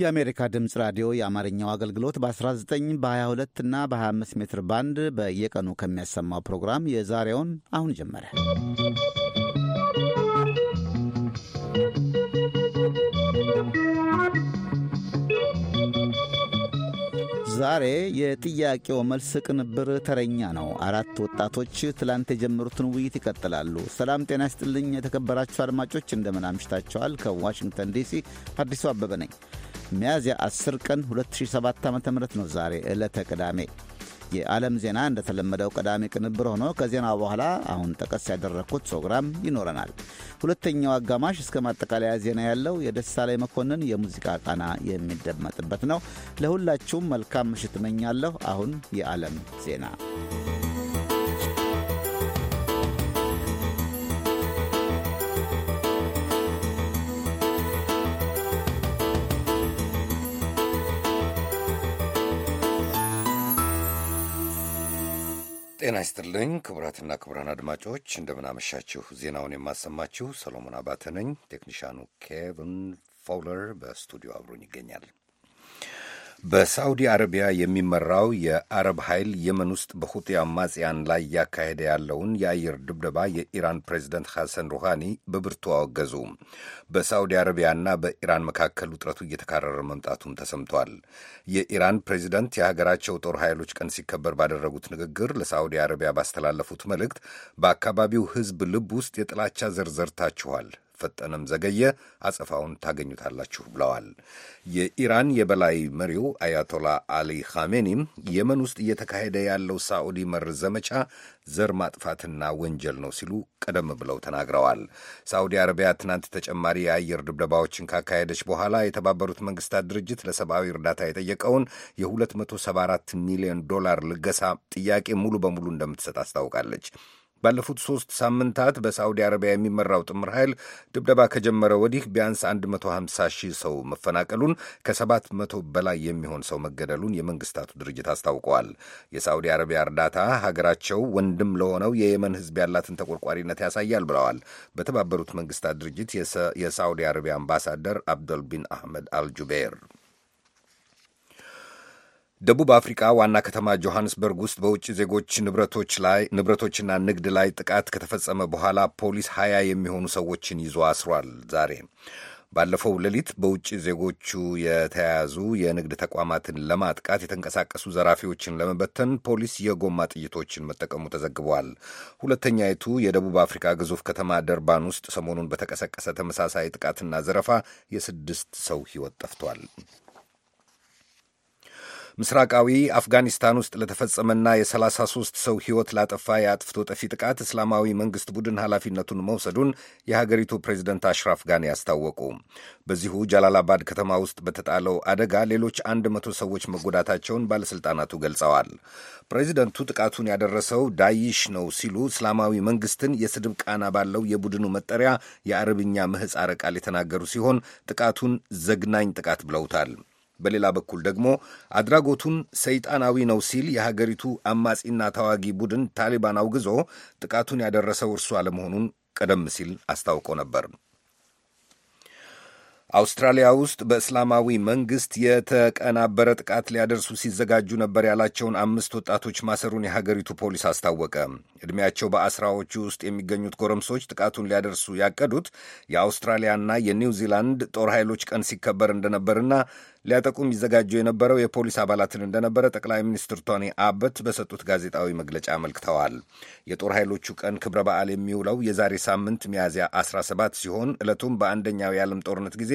የአሜሪካ ድምፅ ራዲዮ የአማርኛው አገልግሎት በ19 በ22 እና በ25 ሜትር ባንድ በየቀኑ ከሚያሰማው ፕሮግራም የዛሬውን አሁን ጀመረ። ዛሬ የጥያቄው መልስ ቅንብር ተረኛ ነው። አራት ወጣቶች ትላንት የጀመሩትን ውይይት ይቀጥላሉ። ሰላም ጤና ይስጥልኝ የተከበራችሁ አድማጮች እንደምን አምሽታችኋል? ከዋሽንግተን ዲሲ አዲሱ አበበ ነኝ። ሚያዝያ 10 ቀን 2007 .ም ነው ዛሬ ዕለተ ቅዳሜ። የዓለም ዜና እንደተለመደው ቀዳሚ ቅንብር ሆኖ ከዜና በኋላ አሁን ጠቀስ ያደረግኩት ፕሮግራም ይኖረናል። ሁለተኛው አጋማሽ እስከ ማጠቃለያ ዜና ያለው የደሳለኝ መኮንን የሙዚቃ ቃና የሚደመጥበት ነው። ለሁላችሁም መልካም ምሽት እመኛለሁ። አሁን የዓለም ዜና ጤና ይስጥልኝ ክቡራትና ክቡራን አድማጮች እንደምናመሻችሁ። ዜናውን የማሰማችሁ ሰሎሞን አባተ ነኝ። ቴክኒሻኑ ኬቨን ፋውለር በስቱዲዮ አብሮኝ ይገኛል። በሳውዲ አረቢያ የሚመራው የአረብ ኃይል የመን ውስጥ በሁጤ አማጽያን ላይ እያካሄደ ያለውን የአየር ድብደባ የኢራን ፕሬዚደንት ሐሰን ሩሃኒ በብርቱ አወገዙ። አረቢያ አረቢያና በኢራን መካከል ውጥረቱ እየተካረረ መምጣቱም ተሰምቷል። የኢራን ፕሬዚደንት የሀገራቸው ጦር ኃይሎች ቀን ሲከበር ባደረጉት ንግግር ለሳውዲ አረቢያ ባስተላለፉት መልእክት በአካባቢው ሕዝብ ልብ ውስጥ የጥላቻ ዘር ዘርታችኋል ፈጠነም ዘገየ አጸፋውን ታገኙታላችሁ ብለዋል። የኢራን የበላይ መሪው አያቶላ አሊ ኻሜኒም የመን ውስጥ እየተካሄደ ያለው ሳዑዲ መር ዘመቻ ዘር ማጥፋትና ወንጀል ነው ሲሉ ቀደም ብለው ተናግረዋል። ሳዑዲ አረቢያ ትናንት ተጨማሪ የአየር ድብደባዎችን ካካሄደች በኋላ የተባበሩት መንግስታት ድርጅት ለሰብአዊ እርዳታ የጠየቀውን የ274 ሚሊዮን ዶላር ልገሳ ጥያቄ ሙሉ በሙሉ እንደምትሰጥ አስታውቃለች። ባለፉት ሶስት ሳምንታት በሳዑዲ አረቢያ የሚመራው ጥምር ኃይል ድብደባ ከጀመረ ወዲህ ቢያንስ 150 ሺህ ሰው መፈናቀሉን ከ ከ700 በላይ የሚሆን ሰው መገደሉን የመንግስታቱ ድርጅት አስታውቀዋል። የሳዑዲ አረቢያ እርዳታ ሀገራቸው ወንድም ለሆነው የየመን ሕዝብ ያላትን ተቆርቋሪነት ያሳያል ብለዋል። በተባበሩት መንግስታት ድርጅት የሳዑዲ አረቢያ አምባሳደር አብደል ቢን አህመድ አልጁቤር ደቡብ አፍሪካ ዋና ከተማ ጆሐንስበርግ ውስጥ በውጭ ዜጎች ንብረቶች ላይ ንብረቶችና ንግድ ላይ ጥቃት ከተፈጸመ በኋላ ፖሊስ ሀያ የሚሆኑ ሰዎችን ይዞ አስሯል። ዛሬ ባለፈው ሌሊት በውጭ ዜጎቹ የተያያዙ የንግድ ተቋማትን ለማጥቃት የተንቀሳቀሱ ዘራፊዎችን ለመበተን ፖሊስ የጎማ ጥይቶችን መጠቀሙ ተዘግቧል። ሁለተኛይቱ የደቡብ አፍሪካ ግዙፍ ከተማ ደርባን ውስጥ ሰሞኑን በተቀሰቀሰ ተመሳሳይ ጥቃትና ዘረፋ የስድስት ሰው ሕይወት ጠፍቷል። ምስራቃዊ አፍጋኒስታን ውስጥ ለተፈጸመና የ33 ሰው ሕይወት ላጠፋ የአጥፍቶ ጠፊ ጥቃት እስላማዊ መንግሥት ቡድን ኃላፊነቱን መውሰዱን የሀገሪቱ ፕሬዚደንት አሽራፍ ጋኒ አስታወቁ። በዚሁ ጃላላባድ ከተማ ውስጥ በተጣለው አደጋ ሌሎች 100 ሰዎች መጎዳታቸውን ባለሥልጣናቱ ገልጸዋል። ፕሬዚደንቱ ጥቃቱን ያደረሰው ዳይሽ ነው ሲሉ እስላማዊ መንግሥትን የስድብ ቃና ባለው የቡድኑ መጠሪያ የአረብኛ ምህጻረ ቃል የተናገሩ ሲሆን ጥቃቱን ዘግናኝ ጥቃት ብለውታል። በሌላ በኩል ደግሞ አድራጎቱን ሰይጣናዊ ነው ሲል የሀገሪቱ አማጺና ታዋጊ ቡድን ታሊባን አውግዞ ጥቃቱን ያደረሰው እርሱ አለመሆኑን ቀደም ሲል አስታውቆ ነበር። አውስትራሊያ ውስጥ በእስላማዊ መንግስት የተቀናበረ ጥቃት ሊያደርሱ ሲዘጋጁ ነበር ያላቸውን አምስት ወጣቶች ማሰሩን የሀገሪቱ ፖሊስ አስታወቀ። ዕድሜያቸው በአስራዎቹ ውስጥ የሚገኙት ጎረምሶች ጥቃቱን ሊያደርሱ ያቀዱት የአውስትራሊያና የኒውዚላንድ ጦር ኃይሎች ቀን ሲከበር እንደነበርና ሊያጠቁ የሚዘጋጁ የነበረው የፖሊስ አባላትን እንደነበረ ጠቅላይ ሚኒስትር ቶኒ አበት በሰጡት ጋዜጣዊ መግለጫ አመልክተዋል። የጦር ኃይሎቹ ቀን ክብረ በዓል የሚውለው የዛሬ ሳምንት ሚያዝያ 17 ሲሆን ዕለቱም በአንደኛው የዓለም ጦርነት ጊዜ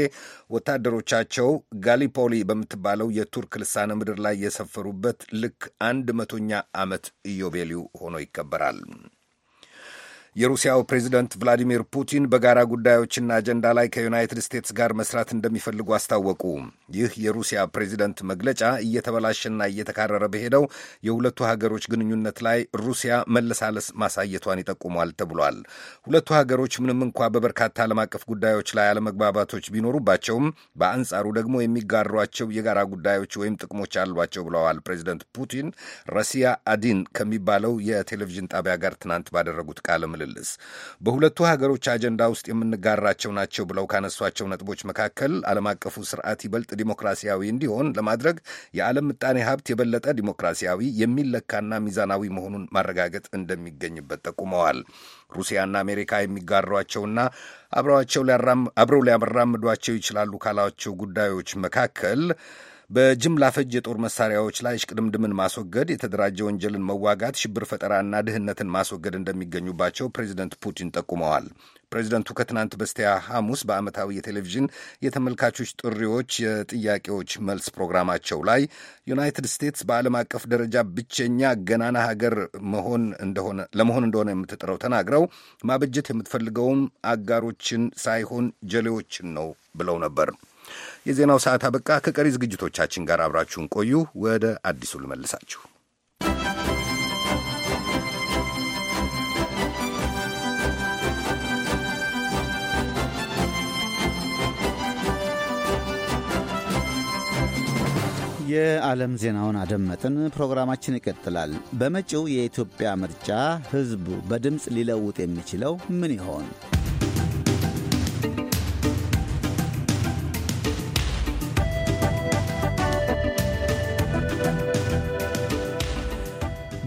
ወታደሮቻቸው ጋሊፖሊ በምትባለው የቱርክ ልሳነ ምድር ላይ የሰፈሩበት ልክ አንድ መቶኛ ዓመት ኢዮቤልዩ ሆኖ ይከበራል። የሩሲያው ፕሬዚደንት ቭላዲሚር ፑቲን በጋራ ጉዳዮችና አጀንዳ ላይ ከዩናይትድ ስቴትስ ጋር መስራት እንደሚፈልጉ አስታወቁ። ይህ የሩሲያ ፕሬዚደንት መግለጫ እየተበላሸና እየተካረረ በሄደው የሁለቱ ሀገሮች ግንኙነት ላይ ሩሲያ መለሳለስ ማሳየቷን ይጠቁሟል ተብሏል። ሁለቱ ሀገሮች ምንም እንኳ በበርካታ ዓለም አቀፍ ጉዳዮች ላይ አለመግባባቶች ቢኖሩባቸውም በአንጻሩ ደግሞ የሚጋሯቸው የጋራ ጉዳዮች ወይም ጥቅሞች አሏቸው ብለዋል ፕሬዚደንት ፑቲን ረሲያ አዲን ከሚባለው የቴሌቪዥን ጣቢያ ጋር ትናንት ባደረጉት ቃለ ምልል ምልልስ በሁለቱ ሀገሮች አጀንዳ ውስጥ የምንጋራቸው ናቸው ብለው ካነሷቸው ነጥቦች መካከል ዓለም አቀፉ ስርዓት ይበልጥ ዲሞክራሲያዊ እንዲሆን ለማድረግ የዓለም ምጣኔ ሀብት የበለጠ ዲሞክራሲያዊ የሚለካና ሚዛናዊ መሆኑን ማረጋገጥ እንደሚገኝበት ጠቁመዋል። ሩሲያና አሜሪካ የሚጋሯቸውና አብረው ሊያራምዷቸው ይችላሉ ካላቸው ጉዳዮች መካከል በጅምላ ፈጅ የጦር መሳሪያዎች ላይ እሽቅድምድምን ማስወገድ፣ የተደራጀ ወንጀልን መዋጋት፣ ሽብር ፈጠራና ድህነትን ማስወገድ እንደሚገኙባቸው ፕሬዚደንት ፑቲን ጠቁመዋል። ፕሬዚደንቱ ከትናንት በስቲያ ሐሙስ በዓመታዊ የቴሌቪዥን የተመልካቾች ጥሪዎች የጥያቄዎች መልስ ፕሮግራማቸው ላይ ዩናይትድ ስቴትስ በዓለም አቀፍ ደረጃ ብቸኛ ገናና ሀገር መሆን እንደሆነ ለመሆን እንደሆነ የምትጥረው ተናግረው ማበጀት የምትፈልገውም አጋሮችን ሳይሆን ጀሌዎችን ነው ብለው ነበር። የዜናው ሰዓት አበቃ። ከቀሪ ዝግጅቶቻችን ጋር አብራችሁን ቆዩ። ወደ አዲሱ ልመልሳችሁ። የዓለም ዜናውን አደመጥን። ፕሮግራማችን ይቀጥላል። በመጪው የኢትዮጵያ ምርጫ ሕዝቡ በድምፅ ሊለውጥ የሚችለው ምን ይሆን?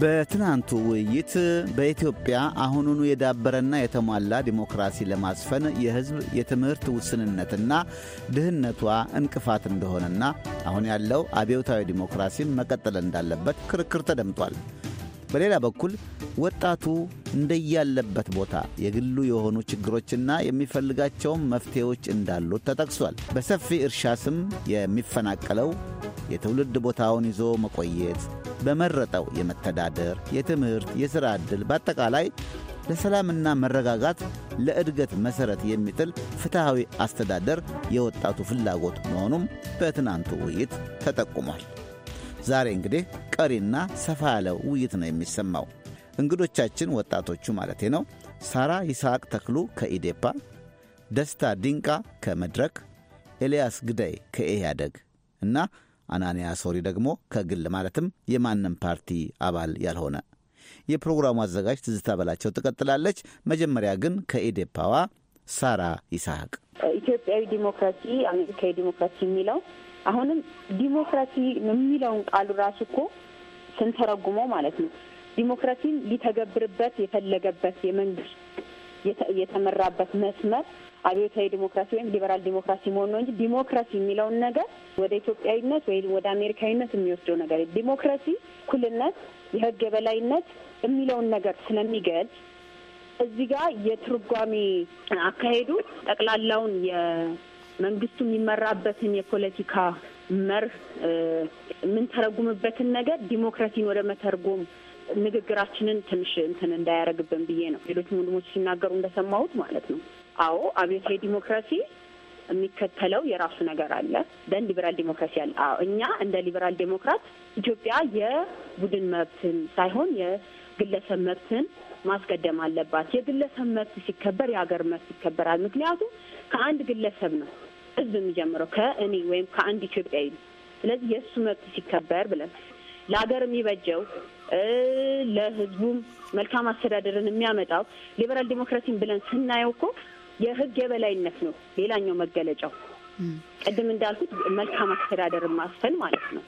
በትናንቱ ውይይት በኢትዮጵያ አሁኑኑ የዳበረና የተሟላ ዲሞክራሲ ለማስፈን የሕዝብ የትምህርት ውስንነትና ድህነቷ እንቅፋት እንደሆነና አሁን ያለው አብዮታዊ ዲሞክራሲን መቀጠል እንዳለበት ክርክር ተደምጧል። በሌላ በኩል ወጣቱ እንደያለበት ቦታ የግሉ የሆኑ ችግሮችና የሚፈልጋቸውም መፍትሄዎች እንዳሉት ተጠቅሷል። በሰፊ እርሻ ስም የሚፈናቀለው የትውልድ ቦታውን ይዞ መቆየት በመረጠው የመተዳደር፣ የትምህርት፣ የሥራ ዕድል በአጠቃላይ ለሰላምና መረጋጋት ለእድገት መሠረት የሚጥል ፍትሐዊ አስተዳደር የወጣቱ ፍላጎት መሆኑም በትናንቱ ውይይት ተጠቁሟል። ዛሬ እንግዲህ ቀሪና ሰፋ ያለ ውይይት ነው የሚሰማው። እንግዶቻችን ወጣቶቹ ማለቴ ነው። ሳራ ይስሐቅ ተክሉ ከኢዴፓ፣ ደስታ ዲንቃ ከመድረክ፣ ኤልያስ ግዳይ ከኢህአደግ እና አናንያ ሶሪ ደግሞ ከግል ማለትም የማንም ፓርቲ አባል ያልሆነ። የፕሮግራሙ አዘጋጅ ትዝታ በላቸው ትቀጥላለች። መጀመሪያ ግን ከኢዴፓዋ ሳራ ይስሐቅ ኢትዮጵያዊ ዲሞክራሲ፣ አሜሪካዊ ዲሞክራሲ የሚለው አሁንም ዲሞክራሲ የሚለውን ቃሉ ራሱ እኮ ስንተረጉመው ማለት ነው ዲሞክራሲን ሊተገብርበት የፈለገበት የመንግስት የተመራበት መስመር አብዮታዊ ዲሞክራሲ ወይም ሊበራል ዲሞክራሲ መሆን ነው እንጂ ዲሞክራሲ የሚለውን ነገር ወደ ኢትዮጵያዊነት ወይም ወደ አሜሪካዊነት የሚወስደው ነገር ዲሞክራሲ፣ እኩልነት፣ የህግ የበላይነት የሚለውን ነገር ስለሚገልጽ እዚህ ጋር የትርጓሜ አካሄዱ ጠቅላላውን የመንግስቱ የሚመራበትን የፖለቲካ መርህ የምንተረጉምበትን ነገር ዲሞክራሲን ወደ መተርጎም ንግግራችንን ትንሽ እንትን እንዳያደርግብን ብዬ ነው። ሌሎች ወንድሞች ሲናገሩ እንደሰማሁት ማለት ነው። አዎ አብዮታዊ ዲሞክራሲ የሚከተለው የራሱ ነገር አለ። ደን ሊበራል ዲሞክራሲ አለ። አዎ እኛ እንደ ሊበራል ዴሞክራት ኢትዮጵያ የቡድን መብትን ሳይሆን የግለሰብ መብትን ማስቀደም አለባት። የግለሰብ መብት ሲከበር የሀገር መብት ይከበራል። ምክንያቱም ከአንድ ግለሰብ ነው ህዝብ የሚጀምረው ከእኔ ወይም ከአንድ ኢትዮጵያዊ ነው። ስለዚህ የእሱ መብት ሲከበር ብለን ለሀገር የሚበጀው ለህዝቡም መልካም አስተዳደርን የሚያመጣው ሊበራል ዲሞክራሲን ብለን ስናየው እኮ የህግ የበላይነት ነው ሌላኛው መገለጫው። ቅድም እንዳልኩት መልካም አስተዳደር ማስፈን ማለት ነው።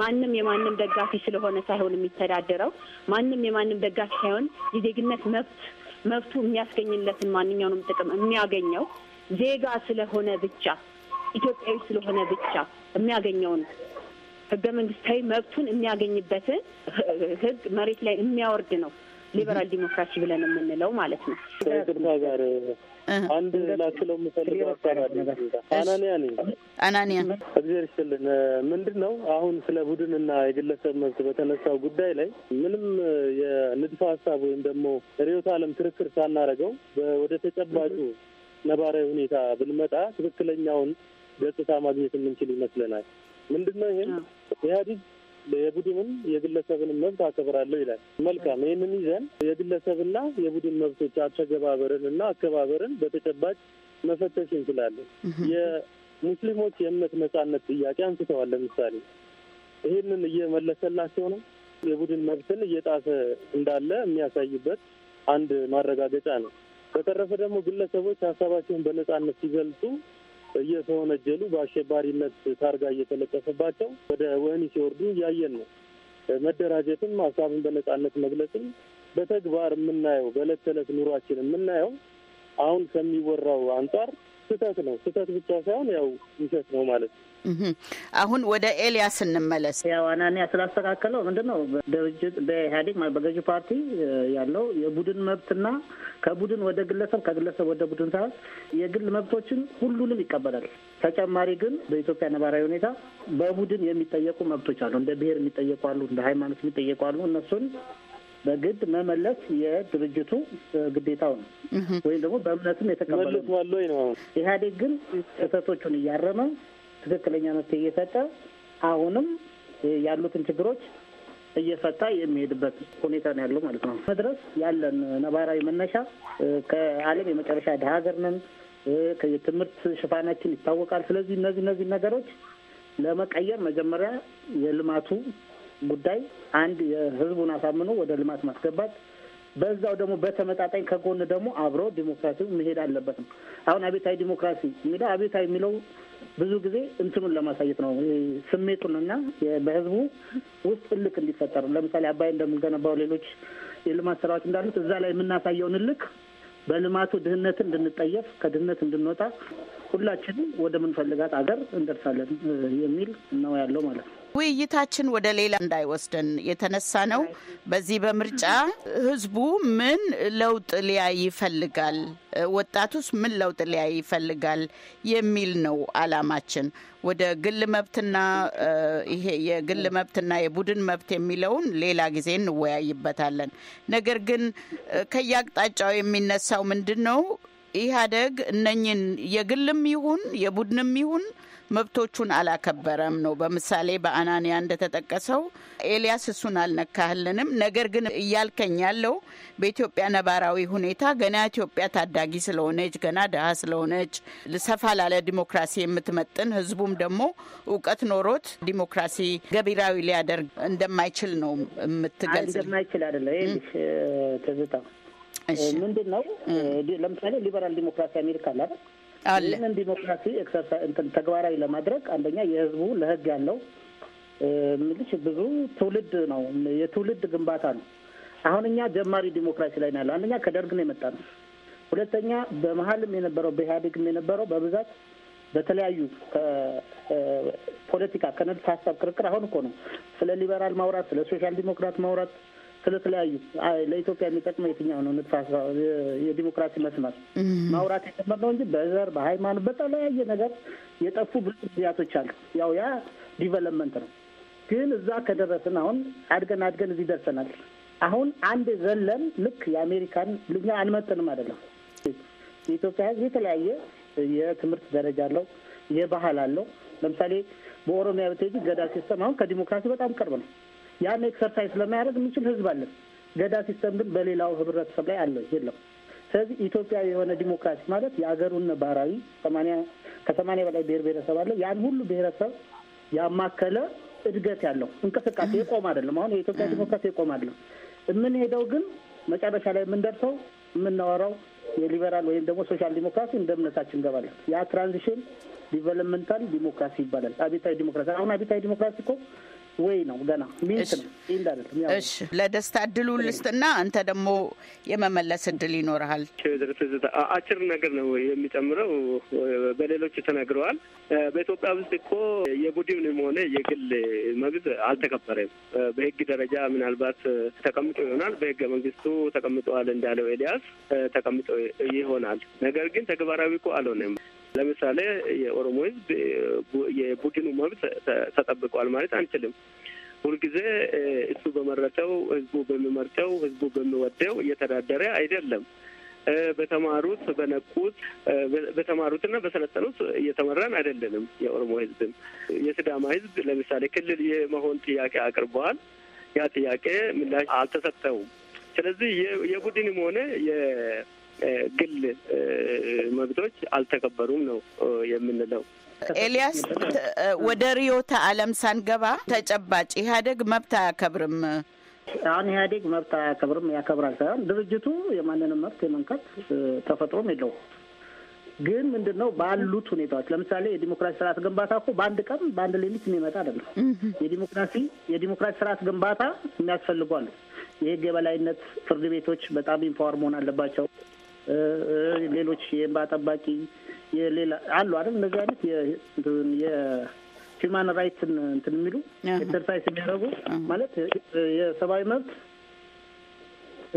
ማንም የማንም ደጋፊ ስለሆነ ሳይሆን የሚተዳደረው ማንም የማንም ደጋፊ ሳይሆን የዜግነት መብት መብቱ የሚያስገኝለትን ማንኛውንም ጥቅም የሚያገኘው ዜጋ ስለሆነ ብቻ ኢትዮጵያዊ ስለሆነ ብቻ የሚያገኘውን ህገ መንግስታዊ መብቱን የሚያገኝበትን ህግ መሬት ላይ የሚያወርድ ነው ሊበራል ዲሞክራሲ ብለን የምንለው ማለት ነው። ከይቅርታ ጋር አንድ ላክለው የምፈልገው ሀሳብ አናንያ ነኝ። አናንያ እግዚአብሔር ይስጥልን። ምንድን ነው አሁን ስለ ቡድንና የግለሰብ መብት በተነሳው ጉዳይ ላይ ምንም የንድፈ ሀሳብ ወይም ደግሞ ርዕዮተ ዓለም ክርክር ሳናረገው ወደ ተጨባጩ ነባራዊ ሁኔታ ብንመጣ ትክክለኛውን ገጽታ ማግኘት የምንችል ይመስለናል። ምንድን ነው ይህም ኢህአዲግ የቡድንም የግለሰብንም መብት አከብራለሁ ይላል። መልካም ይህንን ይዘን የግለሰብና የቡድን መብቶች አተገባበርን እና አከባበርን በተጨባጭ መፈተሽ እንችላለን። የሙስሊሞች የእምነት ነጻነት ጥያቄ አንስተዋል። ለምሳሌ ይህንን እየመለሰላቸው ነው። የቡድን መብትን እየጣሰ እንዳለ የሚያሳይበት አንድ ማረጋገጫ ነው። በተረፈ ደግሞ ግለሰቦች ሀሳባቸውን በነጻነት ሲገልጹ እየተወነጀሉ በአሸባሪነት ታርጋ እየተለጠፈባቸው ወደ ወህኒ ሲወርዱ እያየን ነው። መደራጀትም ሀሳብን በነጻነት መግለጽም በተግባር የምናየው በዕለት ተዕለት ኑሯችን የምናየው አሁን ከሚወራው አንጻር ስህተት ነው። ስህተት ብቻ ሳይሆን ያው ውሸት ነው ማለት ነው። አሁን ወደ ኤልያስ እንመለስ። ያው አናንያ ስላስተካከለው ምንድን ነው ድርጅት በኢህአዴግ በገዢ ፓርቲ ያለው የቡድን መብትና ከቡድን ወደ ግለሰብ ከግለሰብ ወደ ቡድን ሳይሆን የግል መብቶችን ሁሉንም ይቀበላል። ተጨማሪ ግን በኢትዮጵያ ነባራዊ ሁኔታ በቡድን የሚጠየቁ መብቶች አሉ። እንደ ብሔር የሚጠየቁ አሉ፣ እንደ ሃይማኖት የሚጠየቁ አሉ። እነሱን በግድ መመለስ የድርጅቱ ግዴታው ነው፣ ወይም ደግሞ በእምነትም የተቀበለ ነው። ኢህአዴግ ግን ስህተቶቹን እያረመ ትክክለኛ መፍትሄ እየሰጠ አሁንም ያሉትን ችግሮች እየፈታ የሚሄድበት ሁኔታ ነው ያለው ማለት ነው። መድረስ ያለን ነባራዊ መነሻ ከዓለም የመጨረሻ ድሀ ሀገር ነን። የትምህርት ሽፋናችን ይታወቃል። ስለዚህ እነዚህ እነዚህ ነገሮች ለመቀየር መጀመሪያ የልማቱ ጉዳይ አንድ የህዝቡን አሳምኖ ወደ ልማት ማስገባት በዛው ደግሞ በተመጣጣኝ ከጎን ደግሞ አብሮ ዲሞክራሲው መሄድ አለበት ነው። አሁን አቤታዊ ዲሞክራሲ የሚለው አቤታዊ የሚለው ብዙ ጊዜ እንትኑን ለማሳየት ነው ስሜቱንና በህዝቡ ውስጥ እልክ እንዲፈጠር ለምሳሌ አባይ እንደምንገነባው ሌሎች የልማት ስራዎች እንዳሉት እዛ ላይ የምናሳየውን እልክ በልማቱ ድህነትን እንድንጠየፍ ከድህነት እንድንወጣ ሁላችንም ወደ ምንፈልጋት አገር እንደርሳለን የሚል ነው ያለው ማለት ነው። ውይይታችን ወደ ሌላ እንዳይወስደን የተነሳ ነው። በዚህ በምርጫ ህዝቡ ምን ለውጥ ሊያይ ይፈልጋል፣ ወጣቱስ ምን ለውጥ ሊያይ ይፈልጋል የሚል ነው አላማችን። ወደ ግል መብትና ይሄ የግል መብትና የቡድን መብት የሚለውን ሌላ ጊዜ እንወያይበታለን። ነገር ግን ከየአቅጣጫው የሚነሳው ምንድን ነው? ኢህአደግ እነኝን የግልም ይሁን የቡድንም ይሁን መብቶቹን አላከበረም ነው። በምሳሌ በአናንያ እንደተጠቀሰው ኤልያስ እሱን አልነካህልንም። ነገር ግን እያልከኝ ያለው በኢትዮጵያ ነባራዊ ሁኔታ ገና ኢትዮጵያ ታዳጊ ስለሆነች ገና ድሀ ስለሆነች ሰፋ ላለ ዲሞክራሲ የምትመጥን ህዝቡም ደግሞ እውቀት ኖሮት ዲሞክራሲ ገቢራዊ ሊያደርግ እንደማይችል ነው የምትገልጽ። እንደማይችል አይደለም ትዝታ ምንድን ነው? ለምሳሌ ሊበራል ዲሞክራሲ አሜሪካ አለ አለ። ይህንን ዲሞክራሲ ተግባራዊ ለማድረግ አንደኛ የህዝቡ ለህግ ያለው ምልሽ ብዙ ትውልድ ነው፣ የትውልድ ግንባታ ነው። አሁን እኛ ጀማሪ ዲሞክራሲ ላይ ነው ያለው። አንደኛ ከደርግ ነው የመጣ ነው። ሁለተኛ በመሀልም የነበረው በኢህአዴግም የነበረው በብዛት በተለያዩ ፖለቲካ ከንድፈ ሀሳብ ክርክር አሁን እኮ ነው ስለ ሊበራል ማውራት ስለ ሶሻል ዲሞክራት ማውራት ስለተለያዩ ለኢትዮጵያ የሚጠቅመው የትኛው ነው ንድፋ የዲሞክራሲ መስመር ማውራት የጀመርነው እንጂ በዘር በሃይማኖት፣ በተለያየ ነገር የጠፉ ብዙ ጊዜያቶች አሉ። ያው ያ ዲቨሎፕመንት ነው። ግን እዛ ከደረስን አሁን አድገን አድገን እዚህ ደርሰናል። አሁን አንድ ዘለን ልክ የአሜሪካን ልኛ አንመጥንም አይደለም። የኢትዮጵያ ሕዝብ የተለያየ የትምህርት ደረጃ አለው፣ የባህል አለው። ለምሳሌ በኦሮሚያ ብትሄጂ ገዳ ሲስተም አሁን ከዲሞክራሲ በጣም ቅርብ ነው። ያን ኤክሰርሳይዝ ለማያደርግ የሚችል ህዝብ አለን። ገዳ ሲስተም ግን በሌላው ህብረተሰብ ላይ አለ የለም። ስለዚህ ኢትዮጵያ የሆነ ዲሞክራሲ ማለት የአገሩን ባህራዊ ከሰማንያ በላይ ብሔር ብሔረሰብ አለ። ያን ሁሉ ብሔረሰብ ያማከለ እድገት ያለው እንቅስቃሴ የቆም አይደለም። አሁን የኢትዮጵያ ዲሞክራሲ የቆም አይደለም። የምንሄደው ግን መጨረሻ ላይ የምንደርሰው የምናወራው የሊበራል ወይም ደግሞ ሶሻል ዲሞክራሲ እንደ እምነታችን እንገባለን። ያ ትራንዚሽን ዲቨሎፕመንታል ዲሞክራሲ ይባላል። አቤታዊ ዲሞክራሲ አሁን አቤታዊ ዲሞክራሲ እኮ ወይ ነው ገና ሚንት ነው እንዳለ። እሺ ለደስታ እድሉ ልስጥና አንተ ደግሞ የመመለስ እድል ይኖርሃል። አጭር ነገር ነው የሚጨምረው። በሌሎች ተነግረዋል። በኢትዮጵያ ውስጥ እኮ የቡድንም ሆነ የግል መብት አልተከበረም። በህግ ደረጃ ምናልባት ተቀምጦ ይሆናል። በህገ መንግስቱ ተቀምጠዋል እንዳለው ኤልያስ ተቀምጦ ይሆናል። ነገር ግን ተግባራዊ እኮ አልሆነም። ለምሳሌ የኦሮሞ ህዝብ የቡድኑ መብት ተጠብቋል ማለት አንችልም። ሁልጊዜ እሱ በመረጠው ህዝቡ በሚመርጠው ህዝቡ በሚወደው እየተዳደረ አይደለም። በተማሩት በነቁት በተማሩትና በሰለጠኑት እየተመራን አይደለንም። የኦሮሞ ህዝብም የስዳማ ህዝብ ለምሳሌ ክልል የመሆን ጥያቄ አቅርበዋል። ያ ጥያቄ ምላሽ አልተሰጠውም። ስለዚህ የቡድንም ሆነ ግል መብቶች አልተከበሩም ነው የምንለው። ኤልያስ ወደ ርዕዮተ ዓለም ሳንገባ ተጨባጭ ኢህአዴግ መብት አያከብርም። አሁን ኢህአዴግ መብት አያከብርም ያከብራል ሳይሆን ድርጅቱ የማንንም መብት የመንካት ተፈጥሮም የለው። ግን ምንድን ነው ባሉት ሁኔታዎች ለምሳሌ የዲሞክራሲ ስርዓት ግንባታ እኮ በአንድ ቀን በአንድ ሌሊት የሚመጣ አይደለም። የዲሞክራሲ የዲሞክራሲ ስርዓት ግንባታ የሚያስፈልጓሉ የህግ የበላይነት፣ ፍርድ ቤቶች በጣም ኢምፓወር መሆን አለባቸው። ሌሎች የእንባ ጠባቂ የሌላ አሉ አይደል? እነዚህ አይነት የሂውማን ራይትስን እንትን የሚሉ ኤክሰርሳይዝ የሚያደርጉ ማለት የሰብአዊ መብት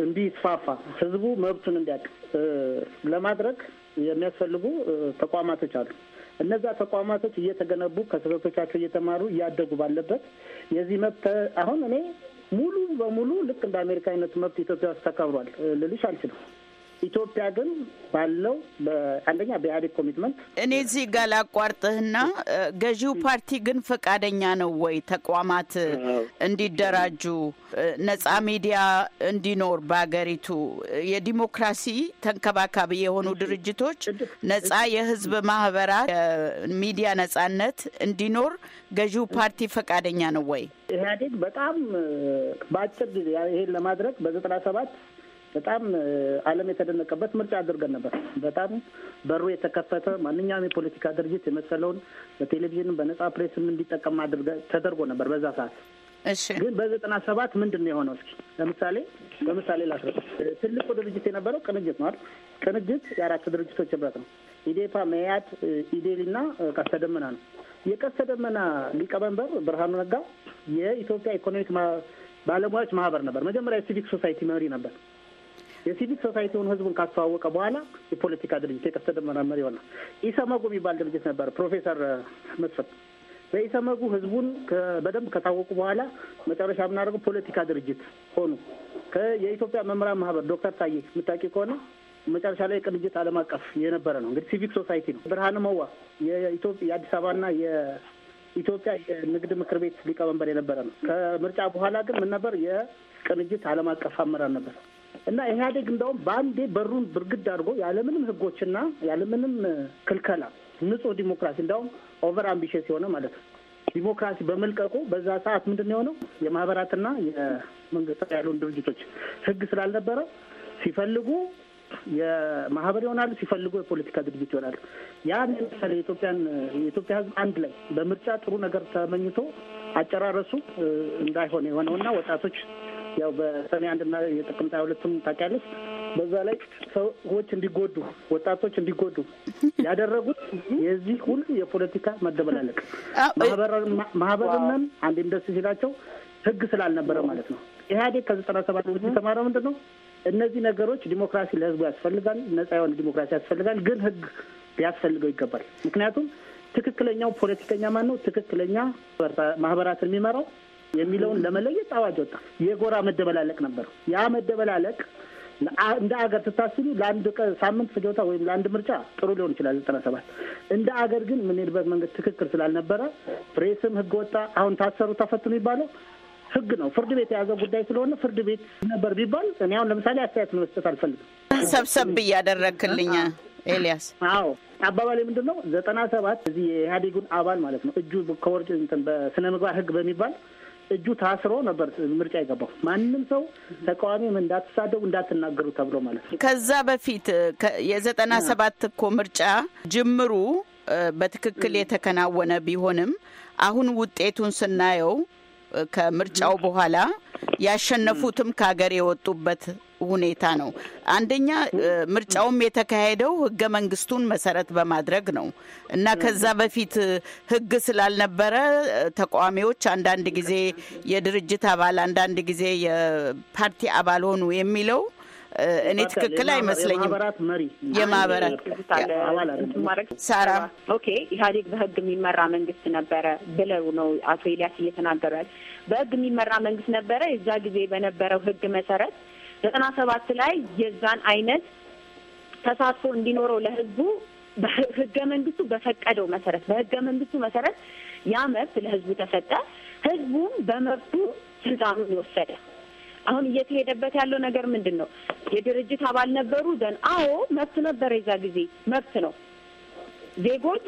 እንዲስፋፋ ህዝቡ መብቱን እንዲያውቅ ለማድረግ የሚያስፈልጉ ተቋማቶች አሉ። እነዛ ተቋማቶች እየተገነቡ ከስህተቶቻቸው እየተማሩ እያደጉ ባለበት የዚህ መብት አሁን እኔ ሙሉ በሙሉ ልክ እንደ አሜሪካ አይነት መብት ኢትዮጵያ ውስጥ ተከብሯል ልልሽ አልችልም። ኢትዮጵያ ግን ባለው አንደኛ በኢህአዴግ ኮሚትመንት እኔ እዚህ ጋር ላቋርጥህና ገዢው ፓርቲ ግን ፈቃደኛ ነው ወይ ተቋማት እንዲደራጁ ነጻ ሚዲያ እንዲኖር በሀገሪቱ የዲሞክራሲ ተንከባካቢ የሆኑ ድርጅቶች ነጻ የህዝብ ማህበራት የሚዲያ ነጻነት እንዲኖር ገዢው ፓርቲ ፈቃደኛ ነው ወይ? ኢህአዴግ በጣም በአጭር ጊዜ ይሄን ለማድረግ በዘጠና ሰባት በጣም ዓለም የተደነቀበት ምርጫ አድርገን ነበር። በጣም በሩ የተከፈተ ማንኛውም የፖለቲካ ድርጅት የመሰለውን በቴሌቪዥን በነጻ ፕሬስም እንዲጠቀም ተደርጎ ነበር በዛ ሰዓት። ግን በዘጠና ሰባት ምንድን ነው የሆነው? እስኪ ለምሳሌ ለምሳሌ ላስረዳ። ትልቁ ድርጅት የነበረው ቅንጅት ነው አይደል? ቅንጅት የአራት ድርጅቶች ህብረት ነው። ኢዴፓ፣ መያድ፣ ኢዴሊ እና ቀስተ ደመና ነው። የቀስተ ደመና ሊቀመንበር ብርሃኑ ነጋ የኢትዮጵያ ኢኮኖሚክ ባለሙያዎች ማህበር ነበር። መጀመሪያ የሲቪክ ሶሳይቲ መሪ ነበር። የሲቪክ ሶሳይቲውን ህዝቡን ካስተዋወቀ በኋላ የፖለቲካ ድርጅት የቀስተ መሪ ይሆናል። ኢሰመጉ የሚባል ድርጅት ነበር። ፕሮፌሰር መስፍን በኢሰመጉ ህዝቡን በደንብ ከታወቁ በኋላ መጨረሻ የምናደርገው ፖለቲካ ድርጅት ሆኑ። የኢትዮጵያ መምህራን ማህበር ዶክተር ታዬ የምታውቂው ከሆነ መጨረሻ ላይ ቅንጅት ዓለም አቀፍ የነበረ ነው። እንግዲህ ሲቪክ ሶሳይቲ ነው። ብርሃነ መዋ የአዲስ አበባና የኢትዮጵያ የንግድ ምክር ቤት ሊቀመንበር የነበረ ነው። ከምርጫ በኋላ ግን ምን ነበር? የቅንጅት ዓለም አቀፍ አመራር ነበር። እና ኢህአዴግ እንደውም በአንዴ በሩን ብርግድ አድርጎ ያለምንም ህጎችና ያለምንም ክልከላ ንጹህ ዲሞክራሲ እንደውም ኦቨር አምቢሽስ የሆነ ማለት ነው ዲሞክራሲ በመልቀቁ በዛ ሰዓት ምንድን ነው የሆነው? የማህበራትና የመንግስት ያሉን ድርጅቶች ህግ ስላልነበረ ሲፈልጉ የማህበር ይሆናሉ፣ ሲፈልጉ የፖለቲካ ድርጅት ይሆናሉ። ያን ለምሳሌ የኢትዮጵያን የኢትዮጵያ ህዝብ አንድ ላይ በምርጫ ጥሩ ነገር ተመኝቶ አጨራረሱ እንዳይሆነ የሆነውና ወጣቶች ያው በሰኔ አንድና የጥቅምት ሀያ ሁለቱም ታውቂያለሽ። በዛ ላይ ሰዎች እንዲጎዱ ወጣቶች እንዲጎዱ ያደረጉት የዚህ ሁሉ የፖለቲካ መደበላለቅ ማህበርነን አንዴም ደስ ሲላቸው ህግ ስላልነበረ ማለት ነው። ኢህአዴግ ከዘጠና ሰባት ወዲህ የተማረ ምንድን ነው? እነዚህ ነገሮች ዲሞክራሲ ለህዝቡ ያስፈልጋል፣ ነጻ የሆነ ዲሞክራሲ ያስፈልጋል፣ ግን ህግ ሊያስፈልገው ይገባል። ምክንያቱም ትክክለኛው ፖለቲከኛ ማን ነው? ትክክለኛ ማህበራትን የሚመራው የሚለውን ለመለየት አዋጅ ወጣ። የጎራ መደበላለቅ ነበር። ያ መደበላለቅ እንደ አገር ስታስቡ ለአንድ ሳምንት ፍጆታ ወይም ለአንድ ምርጫ ጥሩ ሊሆን ይችላል ዘጠና ሰባት እንደ አገር ግን የምንሄድበት መንገድ ትክክል ስላልነበረ ፕሬስም ህግ ወጣ። አሁን ታሰሩ ተፈቱ የሚባለው ህግ ነው። ፍርድ ቤት የያዘው ጉዳይ ስለሆነ ፍርድ ቤት ነበር ቢባል እኔ አሁን ለምሳሌ አስተያየት መስጠት አልፈልግም። ሰብሰብ እያደረግክልኝ ኤልያስ አዎ አባባሌ ምንድን ነው? ዘጠና ሰባት እዚህ የኢህአዴጉን አባል ማለት ነው እጁ ከወርጭ በስነ ምግባር ህግ በሚባል እጁ ታስሮ ነበር ምርጫ የገባው። ማንም ሰው ተቃዋሚም እንዳትሳደቡ እንዳትናገሩ ተብሎ ማለት ነው። ከዛ በፊት የዘጠና ሰባት እኮ ምርጫ ጅምሩ በትክክል የተከናወነ ቢሆንም አሁን ውጤቱን ስናየው ከምርጫው በኋላ ያሸነፉትም ከሀገር የወጡበት ሁኔታ ነው። አንደኛ ምርጫውም የተካሄደው ህገ መንግስቱን መሰረት በማድረግ ነው እና ከዛ በፊት ህግ ስላልነበረ ተቃዋሚዎች አንዳንድ ጊዜ የድርጅት አባል አንዳንድ ጊዜ የፓርቲ አባል ሆኑ የሚለው እኔ ትክክል አይመስለኝም። የማህበራት ሳራ ኦኬ፣ ኢህአዴግ በህግ የሚመራ መንግስት ነበረ ብለው ነው አቶ ኤልያስ እየተናገሩ ያለ። በህግ የሚመራ መንግስት ነበረ። የዛ ጊዜ በነበረው ህግ መሰረት ዘጠና ሰባት ላይ የዛን አይነት ተሳትፎ እንዲኖረው ለህዝቡ በህገ መንግስቱ በፈቀደው መሰረት በህገ መንግስቱ መሰረት ያ መብት ለህዝቡ ተሰጠ። ህዝቡም በመብቱ ስልጣኑን ይወሰደ አሁን እየተሄደበት ያለው ነገር ምንድን ነው? የድርጅት አባል ነበሩ ዘን አዎ መብት ነበረ። የዛ ጊዜ መብት ነው። ዜጎች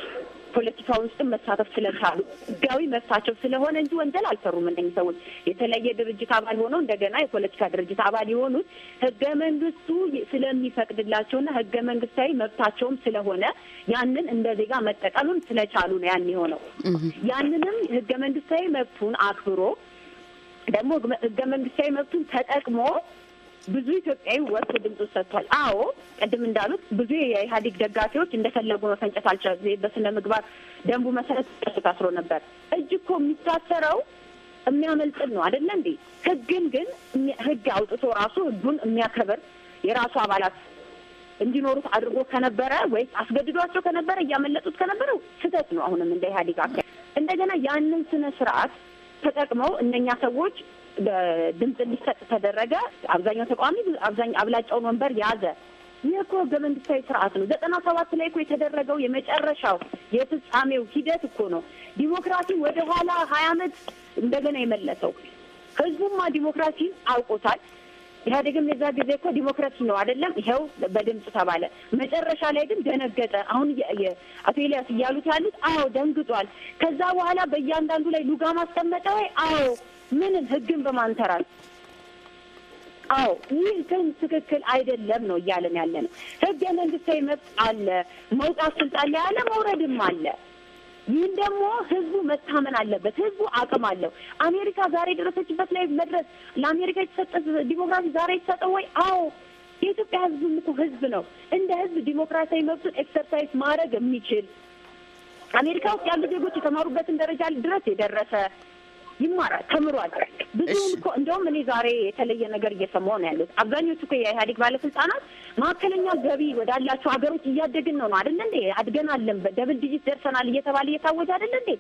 ፖለቲካ ውስጥም መሳተፍ ስለቻሉ ህጋዊ መብታቸው ስለሆነ እንጂ ወንጀል አልሰሩም። እነኝህ ሰዎች የተለየ ድርጅት አባል ሆነው እንደገና የፖለቲካ ድርጅት አባል የሆኑት ህገ መንግስቱ ስለሚፈቅድላቸውና ህገ መንግስታዊ መብታቸውም ስለሆነ ያንን እንደ ዜጋ መጠቀሉን ስለቻሉ ነው ያን የሆነው። ያንንም ህገ መንግስታዊ መብቱን አክብሮ ደግሞ ህገ መንግስታዊ መብቱን ተጠቅሞ ብዙ ኢትዮጵያዊ ወጥቶ ድምፁ ሰጥቷል። አዎ ቅድም እንዳሉት ብዙ የኢህአዴግ ደጋፊዎች እንደፈለጉ መፈንጨት አልቻሉ። በስነ ምግባር ደንቡ መሰረት ታስሮ ነበር። እጅ እኮ የሚታሰረው የሚያመልጥን ነው አደለ እንዴ? ህግን ግን ህግ አውጥቶ ራሱ ህጉን የሚያከብር የራሱ አባላት እንዲኖሩት አድርጎ ከነበረ ወይስ አስገድዷቸው ከነበረ እያመለጡት ከነበረ ስህተት ነው። አሁንም እንደ ኢህአዴግ አካ እንደገና ያንን ስነ ስርዓት ተጠቅመው እነኛ ሰዎች በድምፅ እንዲሰጥ ተደረገ። አብዛኛው ተቃዋሚ አብላጫውን ወንበር ያዘ። ይህ እኮ ህገ መንግስታዊ ስርዓት ነው። ዘጠና ሰባት ላይ እኮ የተደረገው የመጨረሻው የፍጻሜው ሂደት እኮ ነው ዲሞክራሲ ወደ ኋላ ሀያ አመት እንደገና የመለሰው። ህዝቡማ ዲሞክራሲን አውቆታል። ኢህአዴግም የዛ ጊዜ እኮ ዲሞክራሲ ነው አይደለም፣ ይኸው በድምፅ ተባለ። መጨረሻ ላይ ግን ደነገጠ። አሁን አቶ ኤልያስ እያሉት ያሉት አዎ ደንግጧል። ከዛ በኋላ በእያንዳንዱ ላይ ሉጋ ማስቀመጠ ወይ? አዎ ምንን ህግን በማንተራት አዎ ይህ ግን ትክክል አይደለም ነው እያለን ያለ ነው። ህገ መንግስታዊ መብት አለ፣ መውጣት ስልጣን ላይ አለ፣ መውረድም አለ። ይህን ደግሞ ህዝቡ መታመን አለበት። ህዝቡ አቅም አለው። አሜሪካ ዛሬ የደረሰችበት ላይ መድረስ ለአሜሪካ የተሰጠ ዲሞክራሲ ዛሬ የተሰጠው ወይ? አዎ የኢትዮጵያ ህዝብ እኮ ህዝብ ነው። እንደ ህዝብ ዲሞክራሲያዊ መብቱን ኤክሰርሳይዝ ማድረግ የሚችል አሜሪካ ውስጥ ያሉ ዜጎች የተማሩበትን ደረጃ ድረስ የደረሰ ይማራል፣ ተምሯል። ብዙም እኮ እንደውም እኔ ዛሬ የተለየ ነገር እየሰማሁ ነው ያሉት። አብዛኞቹ እኮ የኢህአዴግ ባለስልጣናት መካከለኛ ገቢ ወዳላቸው ሀገሮች እያደግን ነው ነው አደለ እንዴ? አድገናለን፣ በደብል ዲጂት ደርሰናል እየተባለ እየታወጀ አደለ እንዴ?